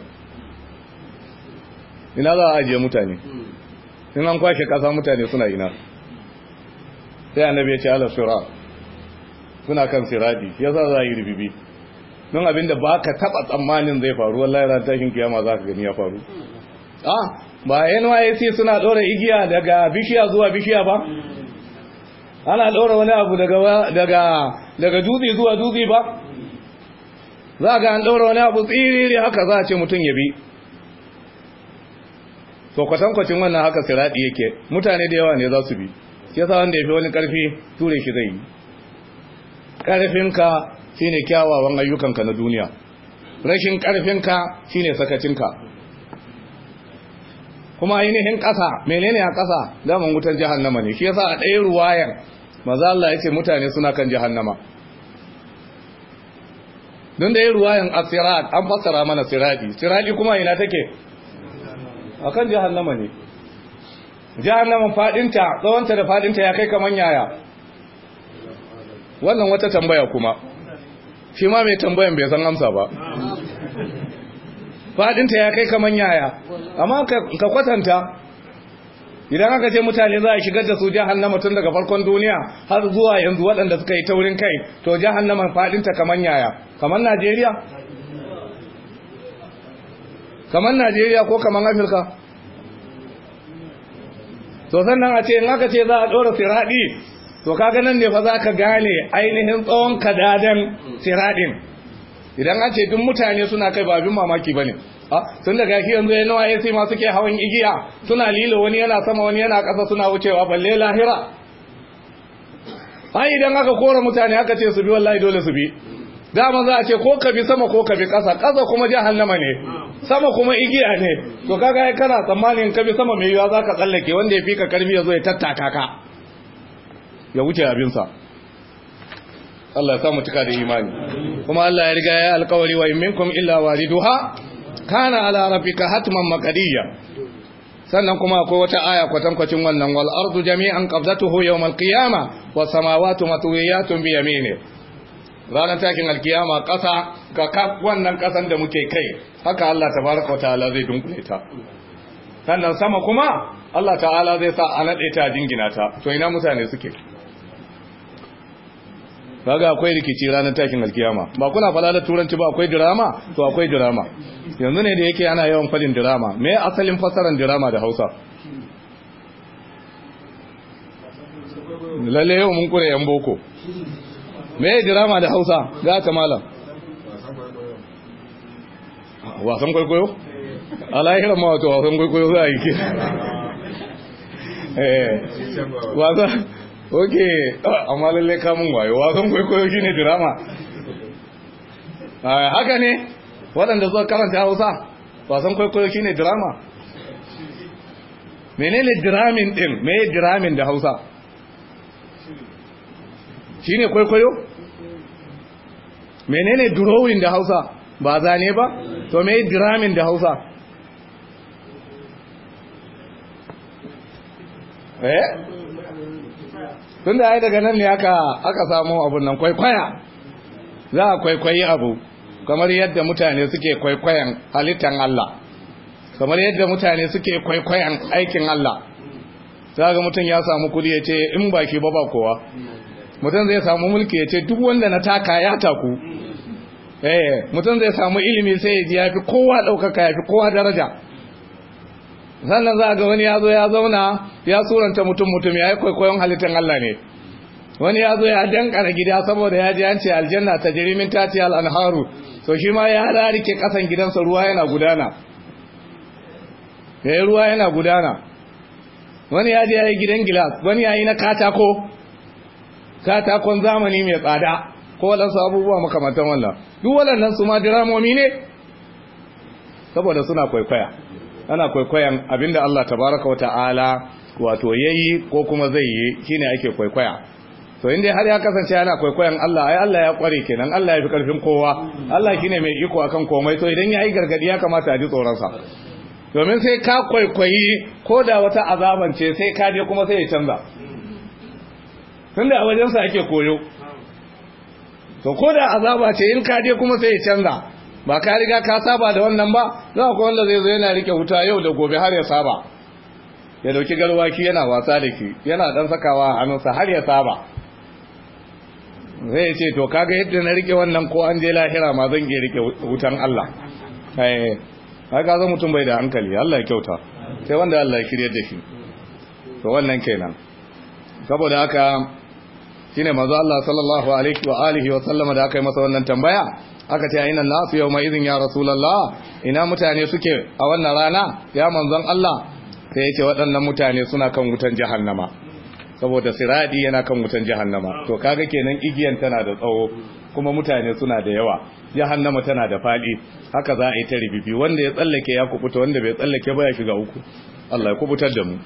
Speaker 1: ina za a ajiye mutane in an kwashe ƙasa mutane suna ina sai annabi ya ce ala sura kuna kan sirati ya za yi ribibi don abinda ba ka taba tsammanin zai faru wallahi ran tashin kiyama za ka gani ya faru ah, a ba NYC suna dora igiya daga bishiya zuwa bishiya ba ana dora wani abu daga dutse zuwa dutse ba za ga an dora wani abu tsiriri haka za a ce mutum ya bi so kwatankwacin wannan haka siraɗi yake mutane da yawa ne za su bi shi yasa wanda ya fi wani karfi ture shi zai yi karfinka shine kyawawan ayyukanka na duniya rashin karfinka shine sakacinka kuma ainihin ƙasa menene a ƙasa daman wutan jihannama ne shi yasa a ɗaya ruwayar maza ya ce mutane suna kan jihannama don da yi ruwayan asirat an fassara mana sirati sirati kuma ina take akan jihannama ne jahannama fadinta tsawonta da fadinta ya kai kamar yaya wannan wata tambaya kuma shi ma mai tambayan bai san amsa ba fadinta ya kai kamar yaya amma ka kwatanta idan aka ce mutane za a shigar da su jahannama tun daga farkon duniya har zuwa yanzu waɗanda suka yi taurin kai to jahannama fadinta kamar yaya kaman Najeriya kamar Najeriya ko kaman Afirka to sannan a ce in aka ce za a ɗora siraɗi to kaga nan ne fa za ka gane ainihin tsawon kadadan siraɗin idan an ce duk mutane suna kai ba abin mamaki ba ne tun da gashi yanzu ya nawa AC ma suke hawan igiya suna lilo wani yana sama wani yana ƙasa suna wucewa balle lahira ai idan aka kora mutane aka ce su bi wallahi dole su bi dama za a ce ko ka bi sama ko ka bi ƙasa ƙasa kuma jahannama ne sama kuma igiya ne to kaga kana tsammanin ka bi sama mai yiwa ka tsallake wanda ya ka karfi ya zo ya tattaka ka ya wuce abinsa Allah ya samu cika da imani kuma Allah ya riga ya alkawari wa minkum illa waliduha kana ala rabbika hatman maqdiya sannan kuma akwai wata aya kwatankwacin wannan wal ardu jami'an qabdatuhu yawm al qiyamah was samawati matwiyatun bi yaminihi ranar takin alkiyama ƙasa ga wannan ƙasan da muke kai haka Allah tabaraka ta'ala zai dunkule ta sannan sama kuma Allah ta'ala zai sa a naɗe ta jingina ta to ina mutane suke kaga akwai rikici ranar takin alkiyama ba kuna fada da turanci ba akwai drama to akwai drama yanzu ne da yake ana yawan fadin dirama. me asalin fasaran dirama da Hausa lalle yau mun kure yan boko me dirama da hausa ga ta malam wasan kwaikwayo alahiran ma wato wasan kwaikwayo za a yi ke eh, wasan oke amma lalle kamun wayo wasan kwaikwayo shi ne dirama ah, haka ne waɗanda suka karanta hausa wasan kwaikwayo shi ne dirama menene diramin ɗin me diramin da hausa shi ne kwaikwayo menene drawing da hausa ba zane ba to me diramin da hausa eh tunda daga nan ne aka aka samu abun nan kwaikwaya za a kwaikwayi abu kamar yadda mutane suke kwaikwayan halittan Allah kamar yadda mutane suke kwaikwayan aikin Allah za ga mutum ya samu kudi ya ce in baki ba ba kowa mutum zai samu mulki ya ce duk wanda na taka ya taku eh mutum zai samu ilimi sai ya ji ya fi kowa ɗaukaka ya fi kowa daraja sannan za ga wani ya zo ya zauna ya suranta mutum mutum ya yi kwaikwayon halittar Allah ne wani ya zo ya dankara gida saboda ya ji an ce aljanna ta ta tati al'anharu so shi ma ya ke kasan gidansa ruwa yana gudana ya yi ruwa yana gudana wani ya ji ya yi gidan gilas wani ya yi na katako katakon zamani mai tsada ko waɗansu abubuwa makamantan wannan duk waɗannan su ma diramomi ne saboda suna kwaikwaya ana kwaikwayan abinda Allah tabaraka wa ta'ala wato yayi ko kuma zai yi shine ake kwaikwaya to inda har ya kasance ana kwaikwayan Allah ai Allah ya kware kenan Allah ya fi karfin kowa Allah shine mai iko akan komai to idan yayi gargadi ya kamata a ji tsoron sa domin sai ka kwaikwayi ko da wata azaban ce sai ka je kuma sai ya canza tunda a wajensa ake koyo to ko da azaba ce in ka je kuma sai ya canza ba ka riga ka saba da wannan ba za ku wanda zai zo yana rike wuta yau da gobe har ya saba ya dauki garwaki yana wasa da ki yana dan sakawa a hannunsa har ya saba zai ce to kaga yadda na rike wannan ko an je lahira ma zan iya rike wutan Allah eh haka zan mutum bai da hankali Allah ya kyauta sai wanda Allah ya kiryar da shi to wannan kenan saboda haka shine mazu Allah sallallahu alaihi wa alihi wa sallama da aka yi masa wannan tambaya aka ce aina nasu mai izin ya rasulullah ina mutane suke a wannan rana ya manzon Allah sai yace waɗannan mutane suna kan wutan jahannama saboda siradi yana kan wutan jahannama to kaga kenan igiyan tana da tsawo kuma mutane suna da yawa jahannama tana da faɗi? haka za a yi ta ribibi wanda ya tsallake ya kubuta wanda bai tsallake ba ya shiga uku Allah ya kubutar da mu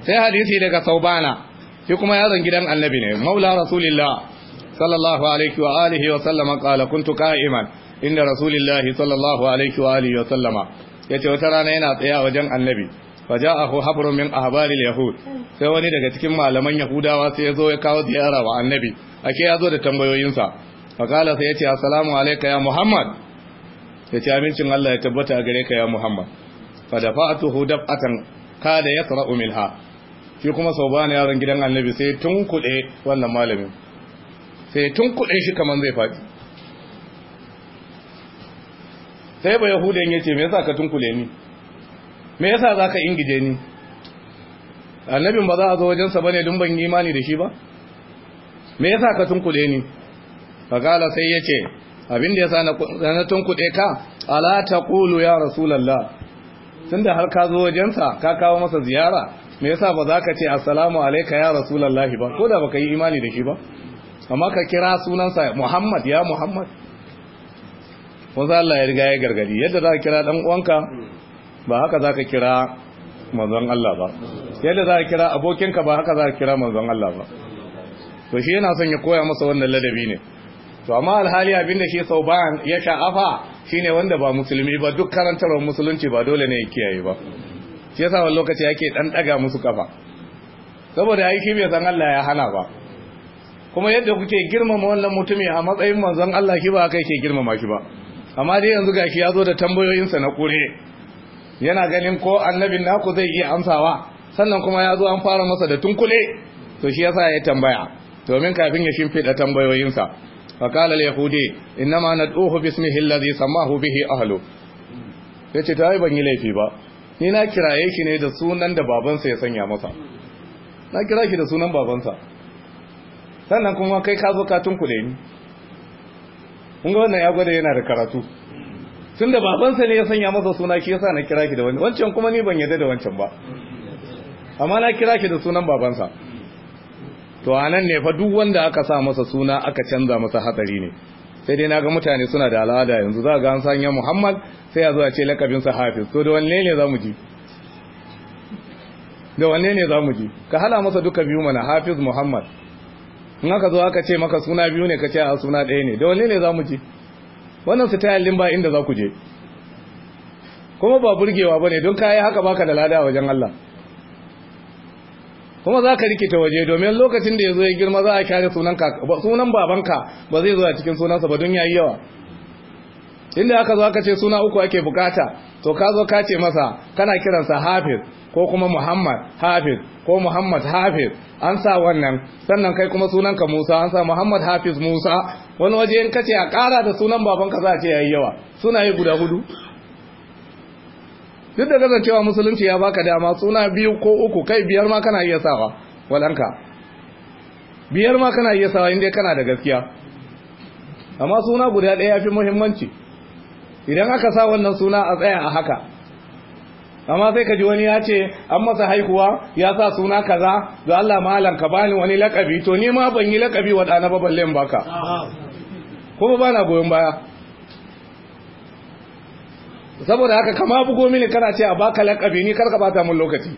Speaker 1: sai hadisi daga saubana shi kuma yaron gidan annabi ne maula rasulillah sallallahu alaihi wa alihi wa sallama qala kuntu qa'iman inda rasulillah sallallahu alaihi wa alihi wa sallama yace wata rana yana tsaya wajen annabi faja'ahu habrun min ahbari al-yahud sai wani daga cikin malaman yahudawa sai zo ya kawo ziyara wa annabi ake zo da tambayoyinsa faqala sai yace assalamu alayka ya muhammad yace amincin Allah ya tabbata a gare ka ya muhammad fadafa'tuhu dab'atan kada yaqra'u minha shi kuma sau ba yaron gidan annabi sai tun kuɗe wannan malamin sai tun kuɗe shi kaman zai faɗi sai ba yahudan ya ce me yasa ka tun kuɗe ni me yasa za ka ingije ni annabin ba za a zo wajensa ba ne don ban imani da shi ba me yasa ka tun kuɗe ni fakala sai ya ce abin da ya sa na tun kuɗe ka ala ta ƙulu ya rasulallah tun da har ka zo wajensa ka kawo masa ziyara me yasa ba za ka ce assalamu alaika ya rasulullahi ba ko da baka yi imani da shi ba amma ka kira sunansa Muhammad ya Muhammad wanda Allah ya riga ya gargadi yadda za ka kira dan uwanka ba haka za ka kira manzon Allah ba yadda za ka kira abokinka ba haka za ka kira manzon Allah ba to shi yana son ya koya masa wannan ladabi ne to amma alhali abin da shi sauban ya sha'afa shine wanda ba musulmi ba duk karantarwar musulunci ba dole ne ya kiyaye ba shi yasa wani lokaci yake dan daga musu kafa saboda ai yi bai san Allah ya hana ba kuma yadda kuke girmama wannan mutumi a matsayin manzon Allah ki ba kai ke girmama shi ba amma dai yanzu gashi ya zo da tambayoyinsa na kure yana ganin ko annabin naku zai iya amsawa sannan kuma ya zo an fara masa da tunkule to shi yasa ya tambaya domin kafin ya shimfiɗa tambayoyinsa فقال اليهودي انما ندعوه باسمه الذي سماه به اهله yace ta ban yi laifi ba ni na kiraye ki ne da sunan da babansa ya sanya masa na kira ki da sunan babansa sannan kuma kai ka zo ka tunkule ni kunga ga wannan ya gwada yana da karatu tun da babansa ne ya sanya masa suna shi yasa na kira ki da wani wancan kuma ni ban yadda da wancan ba amma na kira ki da sunan babansa to anan ne fa duk wanda aka sa masa suna aka canza masa hatsari ne sai dai naga mutane suna da al'ada yanzu za ga an sanya Muhammad sai ya zo a ce lakabin sa Hafiz to da wanne ne zamu ji da wanne ne zamu ji ka hala masa duka biyu mana Hafiz Muhammad in aka zo aka ce maka suna biyu ne ka ce a suna ɗaya ne da wanne ne zamu ji wannan su ta yallin ba inda za ku je kuma ba burgewa bane don kai haka baka da lada a wajen Allah kuma za ka rikita waje domin lokacin da ya zo ya girma za a kyare sunan babanka ba zai zo a cikin sunansa ba don yayi yawa inda aka zo aka ce suna uku ake bukata to ka zo ka ce masa kana kiransa hafiz ko kuma muhammad hafiz ko muhammad hafiz an sa wannan sannan kai kuma sunanka musa an sa muhammad hafiz musa wani waje in ka ce a kara da sunan babanka za a ce yayi yawa suna yi guda hudu duk da kasancewa musulunci ya baka dama suna biyu ko uku kai biyar ma kana iya sawa walanka biyar ma kana iya sawa inda kana da gaskiya amma suna guda ɗaya fi muhimmanci idan aka sa wannan suna a tsaya a haka amma sai ka ji wani ya ce an masa haihuwa ya sa suna kaza da Allah malam ka bani wani lakabi to ni ma ban yi lakabi wa ɗana ba balle baka kuma ba goyon baya saboda haka kama bugo mini kana ce a baka lakabi ni karka bata mun lokaci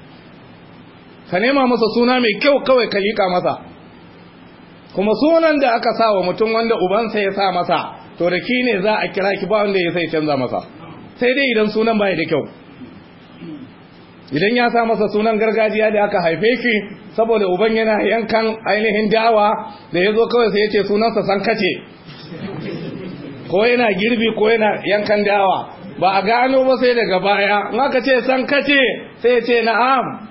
Speaker 1: ka nema masa suna mai kyau kawai ka lika masa kuma sunan da aka sa wa mutum wanda ubansa ya sa masa to da ki ne za a kira ki ba wanda ya sai canza masa sai dai idan sunan baya da kyau idan ya sa masa sunan gargajiya da aka haife shi, saboda uban yana yankan ainihin dawa da ya zo kawai sai ya ce sunansa sankace ko yana girbi ko yana yankan dawa ba a gano ba sai daga baya in aka ce san kace sai ce na'am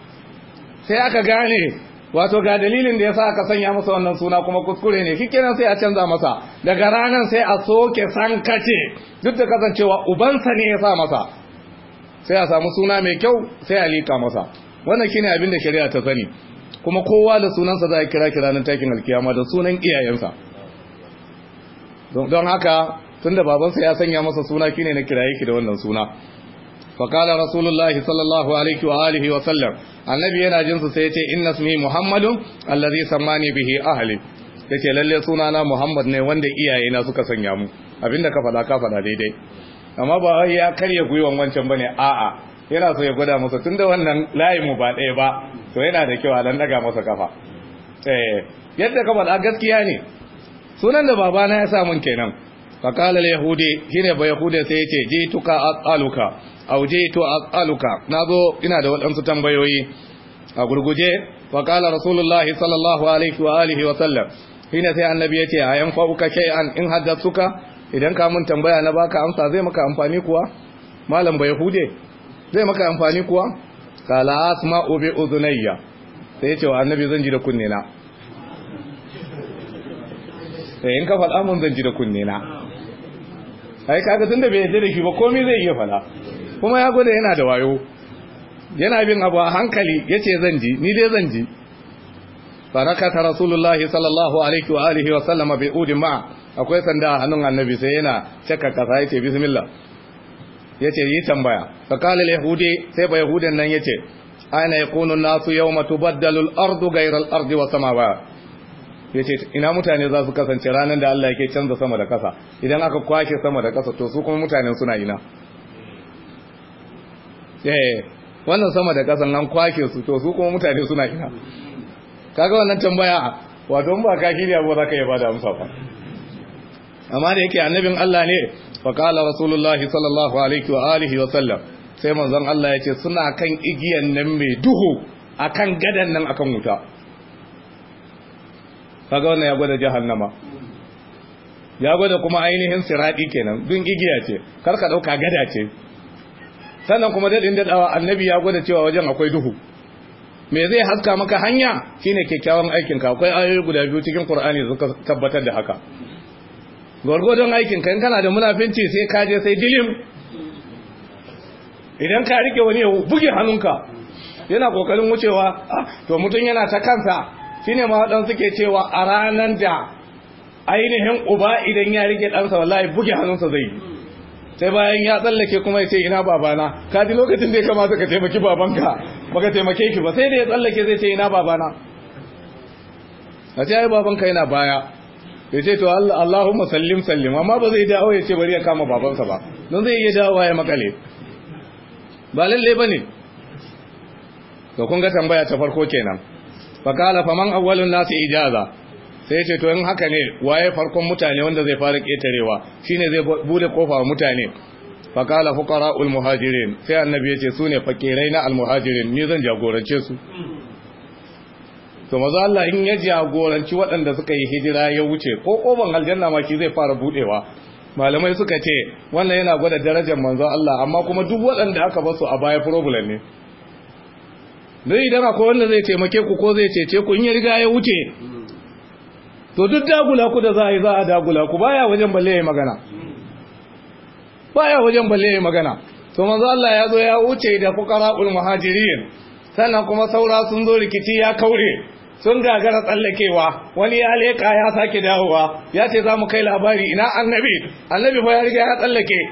Speaker 1: sai aka gane wato ga dalilin da yasa aka sanya masa wannan suna kuma kuskure ne kikenan sai a canza masa daga ranar sai a soke san kace duk da kasancewa ubansa ne ya sa masa sai a samu suna mai kyau sai a lika masa wannan shine abin da shari'a ta sani kuma kowa da sunansa za a kira kiranin takin alkiyama da sunan iyayensa don haka tunda babansa ya sanya masa suna kine na kiraye ki da wannan suna kala rasulullahi sallallahu alaihi wa alihi wa sallam. Annabi yana jin su sai yace inna ismi muhammadun allazi sammani bihi ahli yace lalle sunana muhammad ne wanda iyaye na suka sanya mu abinda ka fada ka fada daidai amma ba ya karya gwiwar wancan bane a'a yana so ya gwada masa tunda wannan layin mu ba ɗaya ba to yana da kyau a dan daga masa kafa eh yadda ka fada gaskiya ne sunan da babana ya sa mun kenan فقال اليهودي هنا ابو يهودي A جيتك اسالك او جيت اسالك نابو ina da wadansu tambayoyi a gurguje فقال رسول الله صلى الله عليه واله وسلم هنا سي النبي يتي ايام فوقك شيئا ان حدثتك idan ka mun tambaya na baka amsa zai maka amfani kuwa malam ba yahude zai maka amfani kuwa kala asma ubi uzunayya sai ce wa annabi faɗa mun zan ji da kunne na ai kaga tunda bai yarda da shi ba komai zai iya fada kuma ya gwada yana da wayo yana bin abu a hankali yace zan ji ni dai zan ji barakata rasulullahi sallallahu alaihi wa alihi wa sallama bi udi ma akwai sanda a hannun annabi sai yana caka kasa yace bismillah yace yi tambaya fa qala yahudi sai ba yahudan nan yace aina yakunu nasu yawma tubaddalu al-ardu ghayra al-ardi wa samawati ya ce ina mutane za su kasance ranar da Allah yake canza sama da kasa idan aka kwashe sama da kasa to su kuma mutanen suna ina eh wannan sama da kasan nan kwashe su to su kuma mutane suna ina kaga wannan tambaya wato ba ka shirya ba za ka yi bada amsa ba amma da yake annabin Allah ne fa qala rasulullahi sallallahu alaihi wa alihi wa sallam sai manzon Allah ya ce suna kan igiyan nan mai duhu akan gadan nan akan wuta kaga wannan ya gwada jahannama ya gwada kuma ainihin siradi kenan dun igiya ce kar ka dauka gada ce sannan kuma dadin daɗawa annabi ya gwada cewa wajen akwai duhu me zai haska maka hanya shine kyakkyawan aikin ka akwai ayoyi guda biyu cikin Qur'ani suka tabbatar da haka gwargwadon aikin ka in kana da munafinci sai ka je sai dilim idan ka rike wani ya buge hannunka yana kokarin wucewa ah, to mutum yana ta kansa shine mahaɗan suke cewa a ranar da ainihin uba idan ya rike ɗansa wallahi buge hannunsa zai yi sai bayan ya tsallake kuma ya ce ina babana ka ji lokacin da ya kamata ka taimaki babanka baka taimake shi ba sai da ya tsallake zai ce ina babana a ce ai babanka yana baya ya ce to Allahumma sallim sallim amma ba zai dawo ya ce bari ya kama babansa ba don zai iya dawo ya makale ba lalle ne. to kun ga tambaya ta farko kenan fakala faman awwalun nasu ijaza sai ce to in haka ne waye farkon mutane wanda zai fara ketarewa shine zai bude kofa wa mutane fakala fuqara'ul muhajirin sai annabi ya ce su ne fakirai na almuhajirin ni zan jagorance su to maza Allah in ya jagoranci waɗanda suka yi hijira ya wuce ko koban aljanna ma shi zai fara budewa malamai suka ce wannan yana gwada darajar manzo Allah amma kuma duk waɗanda aka basu a baya problem ne zai idan akwai wanda zai taimake ku ko zai cece ku in ya riga ya wuce to duk dagula ku da za a yi za a dagula ku baya wajen balle ya magana baya wajen balle ya magana to manzo Allah ya zo ya wuce da ul muhajirin sannan kuma saura sun zo rikici ya kaure sun gagara tsallakewa wani ya leka ya sake dawowa ya ce za mu kai labari ina annabi annabi fa ya riga ya tsallake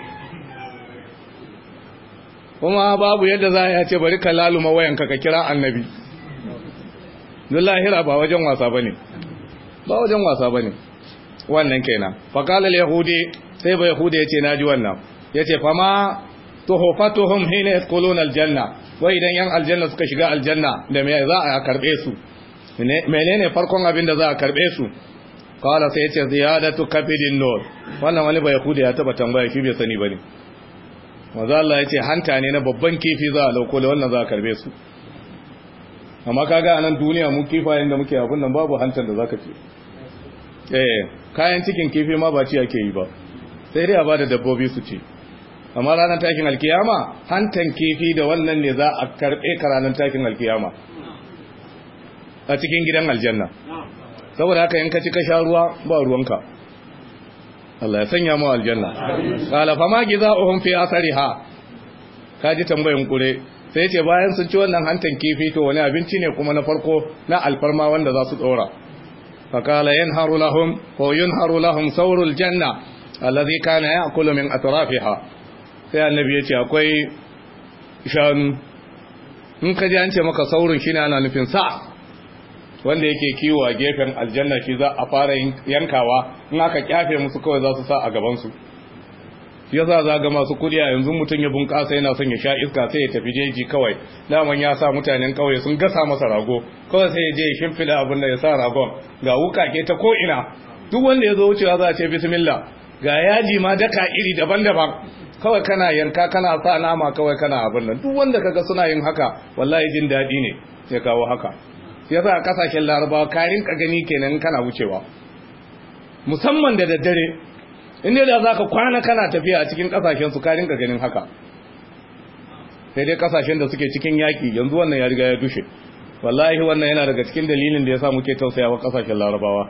Speaker 1: kuma babu yadda za a ce bari ka laluma wayanka ka kira annabi don ba wajen wasa ba ne ba wajen wasa ba ne wannan kenan al yahudi sai ba yahudi ya ce na ji wannan ya ce fama tuhufatuhum hina al aljanna wai idan yan aljanna suka shiga aljanna da me za a karbe su menene farkon abin da za a karbe su qala sai ya ce ziyadatu kabidin nur wannan wani ba yahudi ya taba tambaya shi bai sani bane maza Allah ya ce hanta ne na babban kifi za a lauko wannan za a karbe su amma kaga a nan duniya mu kifayen da muke abin nan babu hantar da za ka ce eh kayan cikin kifi ma ba ci ake yi ba sai dai a ba da dabbobi su ce amma ranar takin alkiyama hantan kifi da wannan ne za a karbe ka ranar takin alkiyama a cikin gidan aljanna saboda haka in ka ci ka sha ruwa ba ruwanka Allah ya sanya mu aljanna qala fa ma giza'uhum fi asariha kaji tambayin kure sai ce bayan sun ci wannan hantan kifi to wani abinci ne kuma na farko na alfarma wanda za su dora fa qala yanharu lahum ko yanharu lahum sawrul janna alladhi kana ya'kulu min atrafiha sai annabi ce akwai shanu in ka ji an ce maka saurin shine ana nufin sa wanda yake kiwo a gefen aljanna shi za a fara yankawa in aka kyafe musu kawai za su sa a gabansu su yasa za ga masu kudi a yanzu mutum ya bunƙasa yana son ya sha iska sai ya tafi jeji kawai daman ya sa mutanen kauye sun gasa masa rago kawai sai ya je ya shimfida abin da ya sa ragon ga wukake ta ko ina duk wanda ya zo wucewa za a ce bismillah ga yaji ma daka iri daban-daban kawai kana yanka kana sa nama kawai kana abin nan duk wanda kaga suna yin haka wallahi jin daɗi ne ya kawo haka Ya a kasashen larabawa ka rinka gani kenan kana wucewa musamman da daddare inda da za ka kwana kana tafiya a cikin kasashen su ka rinka ganin haka sai dai kasashen da suke cikin yaƙi yanzu wannan ya riga ya dushe wallahi wannan yana daga cikin dalilin da ya sa muke tausayawa kasashen larabawa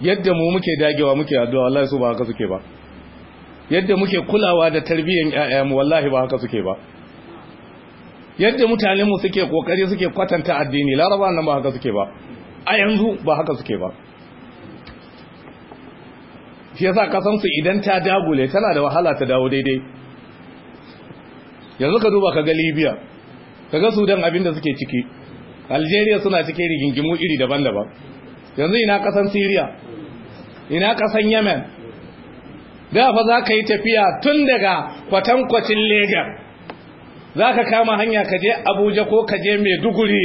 Speaker 1: yadda mu muke dagewa muke addu'a wallahi su ba haka suke ba yadda muke kulawa da tarbiyyar ƴaƴanmu wallahi ba haka suke ba yadda mutanen mu suke kokari suke kwatanta addini laraba nan ba haka suke ba a yanzu ba haka suke ba shi yasa kasan su idan ta dagule tana da wahala ta dawo daidai yanzu ka duba ka ga Libya ka ga Sudan abinda da suke ciki Algeria suna cikin rigingimu iri daban-daban yanzu ina kasan Syria ina kasan Yemen da fa za ka yi tafiya tun daga kwatankwacin Lagos za ka kama hanya ka je abuja ko ka je maiduguri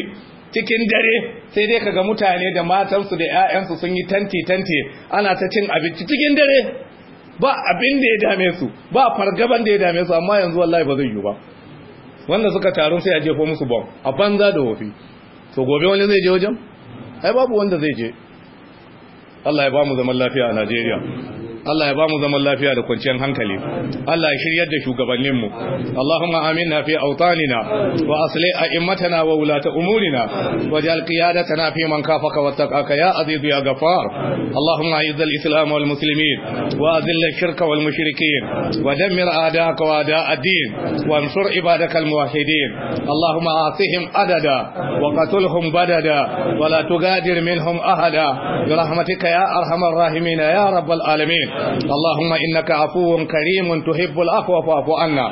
Speaker 1: cikin dare sai dai ka ga mutane da matansu da 'ya'yansu sun yi tanti-tanti ana ta cin abinci cikin dare ba abin da ya dame su ba fargaban da ya dame su amma yanzu wallahi ba zai yi ba wanda suka taru sai a jefo musu bom a banza da wofi to gobe wani zai je wajen ai babu wanda zai je Allah ya ba mu zaman lafiya a Najeriya Allah ya ba mu zaman lafiya da kwanciyar hankali Allah ya shiryar da shugabannin mu Allahumma aminna fi awtanina wa asli a'immatana wa ulata umurina waj'al qiyadatana fi man kafaka wattaqaka ya aziz ya ghafar Allahumma a'izz al-islam wal muslimin wa azil ash-shirka wal mushrikeen wa dammir a'daaka wa a'daa ad-din wa ansur muwahhidin Allahumma a'tihim adada wa qatulhum badada wa la tugadir minhum ahada برحمتك يا ارحم الراحمين يا رب العالمين اللهم إنك عفو كريم تحب العفو فاعف عنا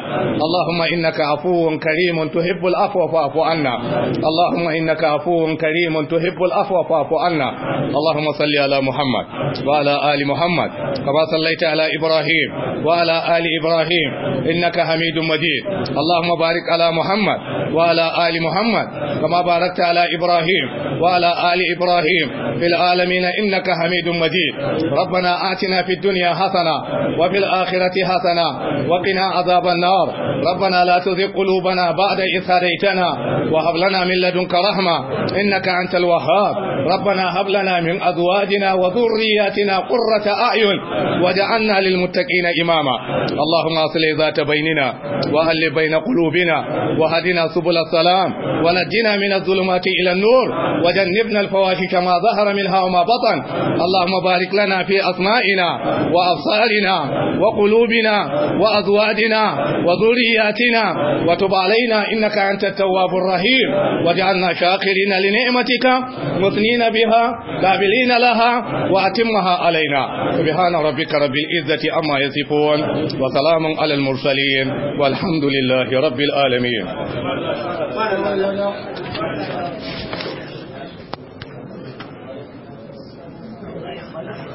Speaker 1: اللهم إنك عفو كريم تحب العفو فاعف عنا اللهم إنك عفو كريم تحب العفو فاعف عنا اللهم صل على محمد وعلى آل محمد كما صليت على إبراهيم وعلى آل إبراهيم إنك حميد مجيد اللهم بارك على محمد وعلى آل محمد كما باركت على إبراهيم وعلى آل إبراهيم في العالمين إنك حميد مجيد ربنا آتنا في الدنيا الدنيا حسنة وفي الآخرة حسنة وقنا عذاب النار ربنا لا تذق قلوبنا بعد إذ هديتنا وهب لنا من لدنك رحمة إنك أنت الوهاب ربنا هب لنا من أزواجنا وذرياتنا قرة أعين وجعلنا للمتقين إماما اللهم أصل ذات بيننا وهل بين قلوبنا وهدنا سبل السلام ونجنا من الظلمات إلى النور وجنبنا الفواحش ما ظهر منها وما بطن اللهم بارك لنا في أسمائنا وأبصارنا وقلوبنا وأزواجنا وذرياتنا وتب علينا إنك أنت التواب الرحيم واجعلنا شاكرين لنعمتك مثنين بها قابلين لها وأتمها علينا سبحان ربك رب العزة عما يصفون وسلام على المرسلين والحمد لله رب العالمين
Speaker 3: Thank you.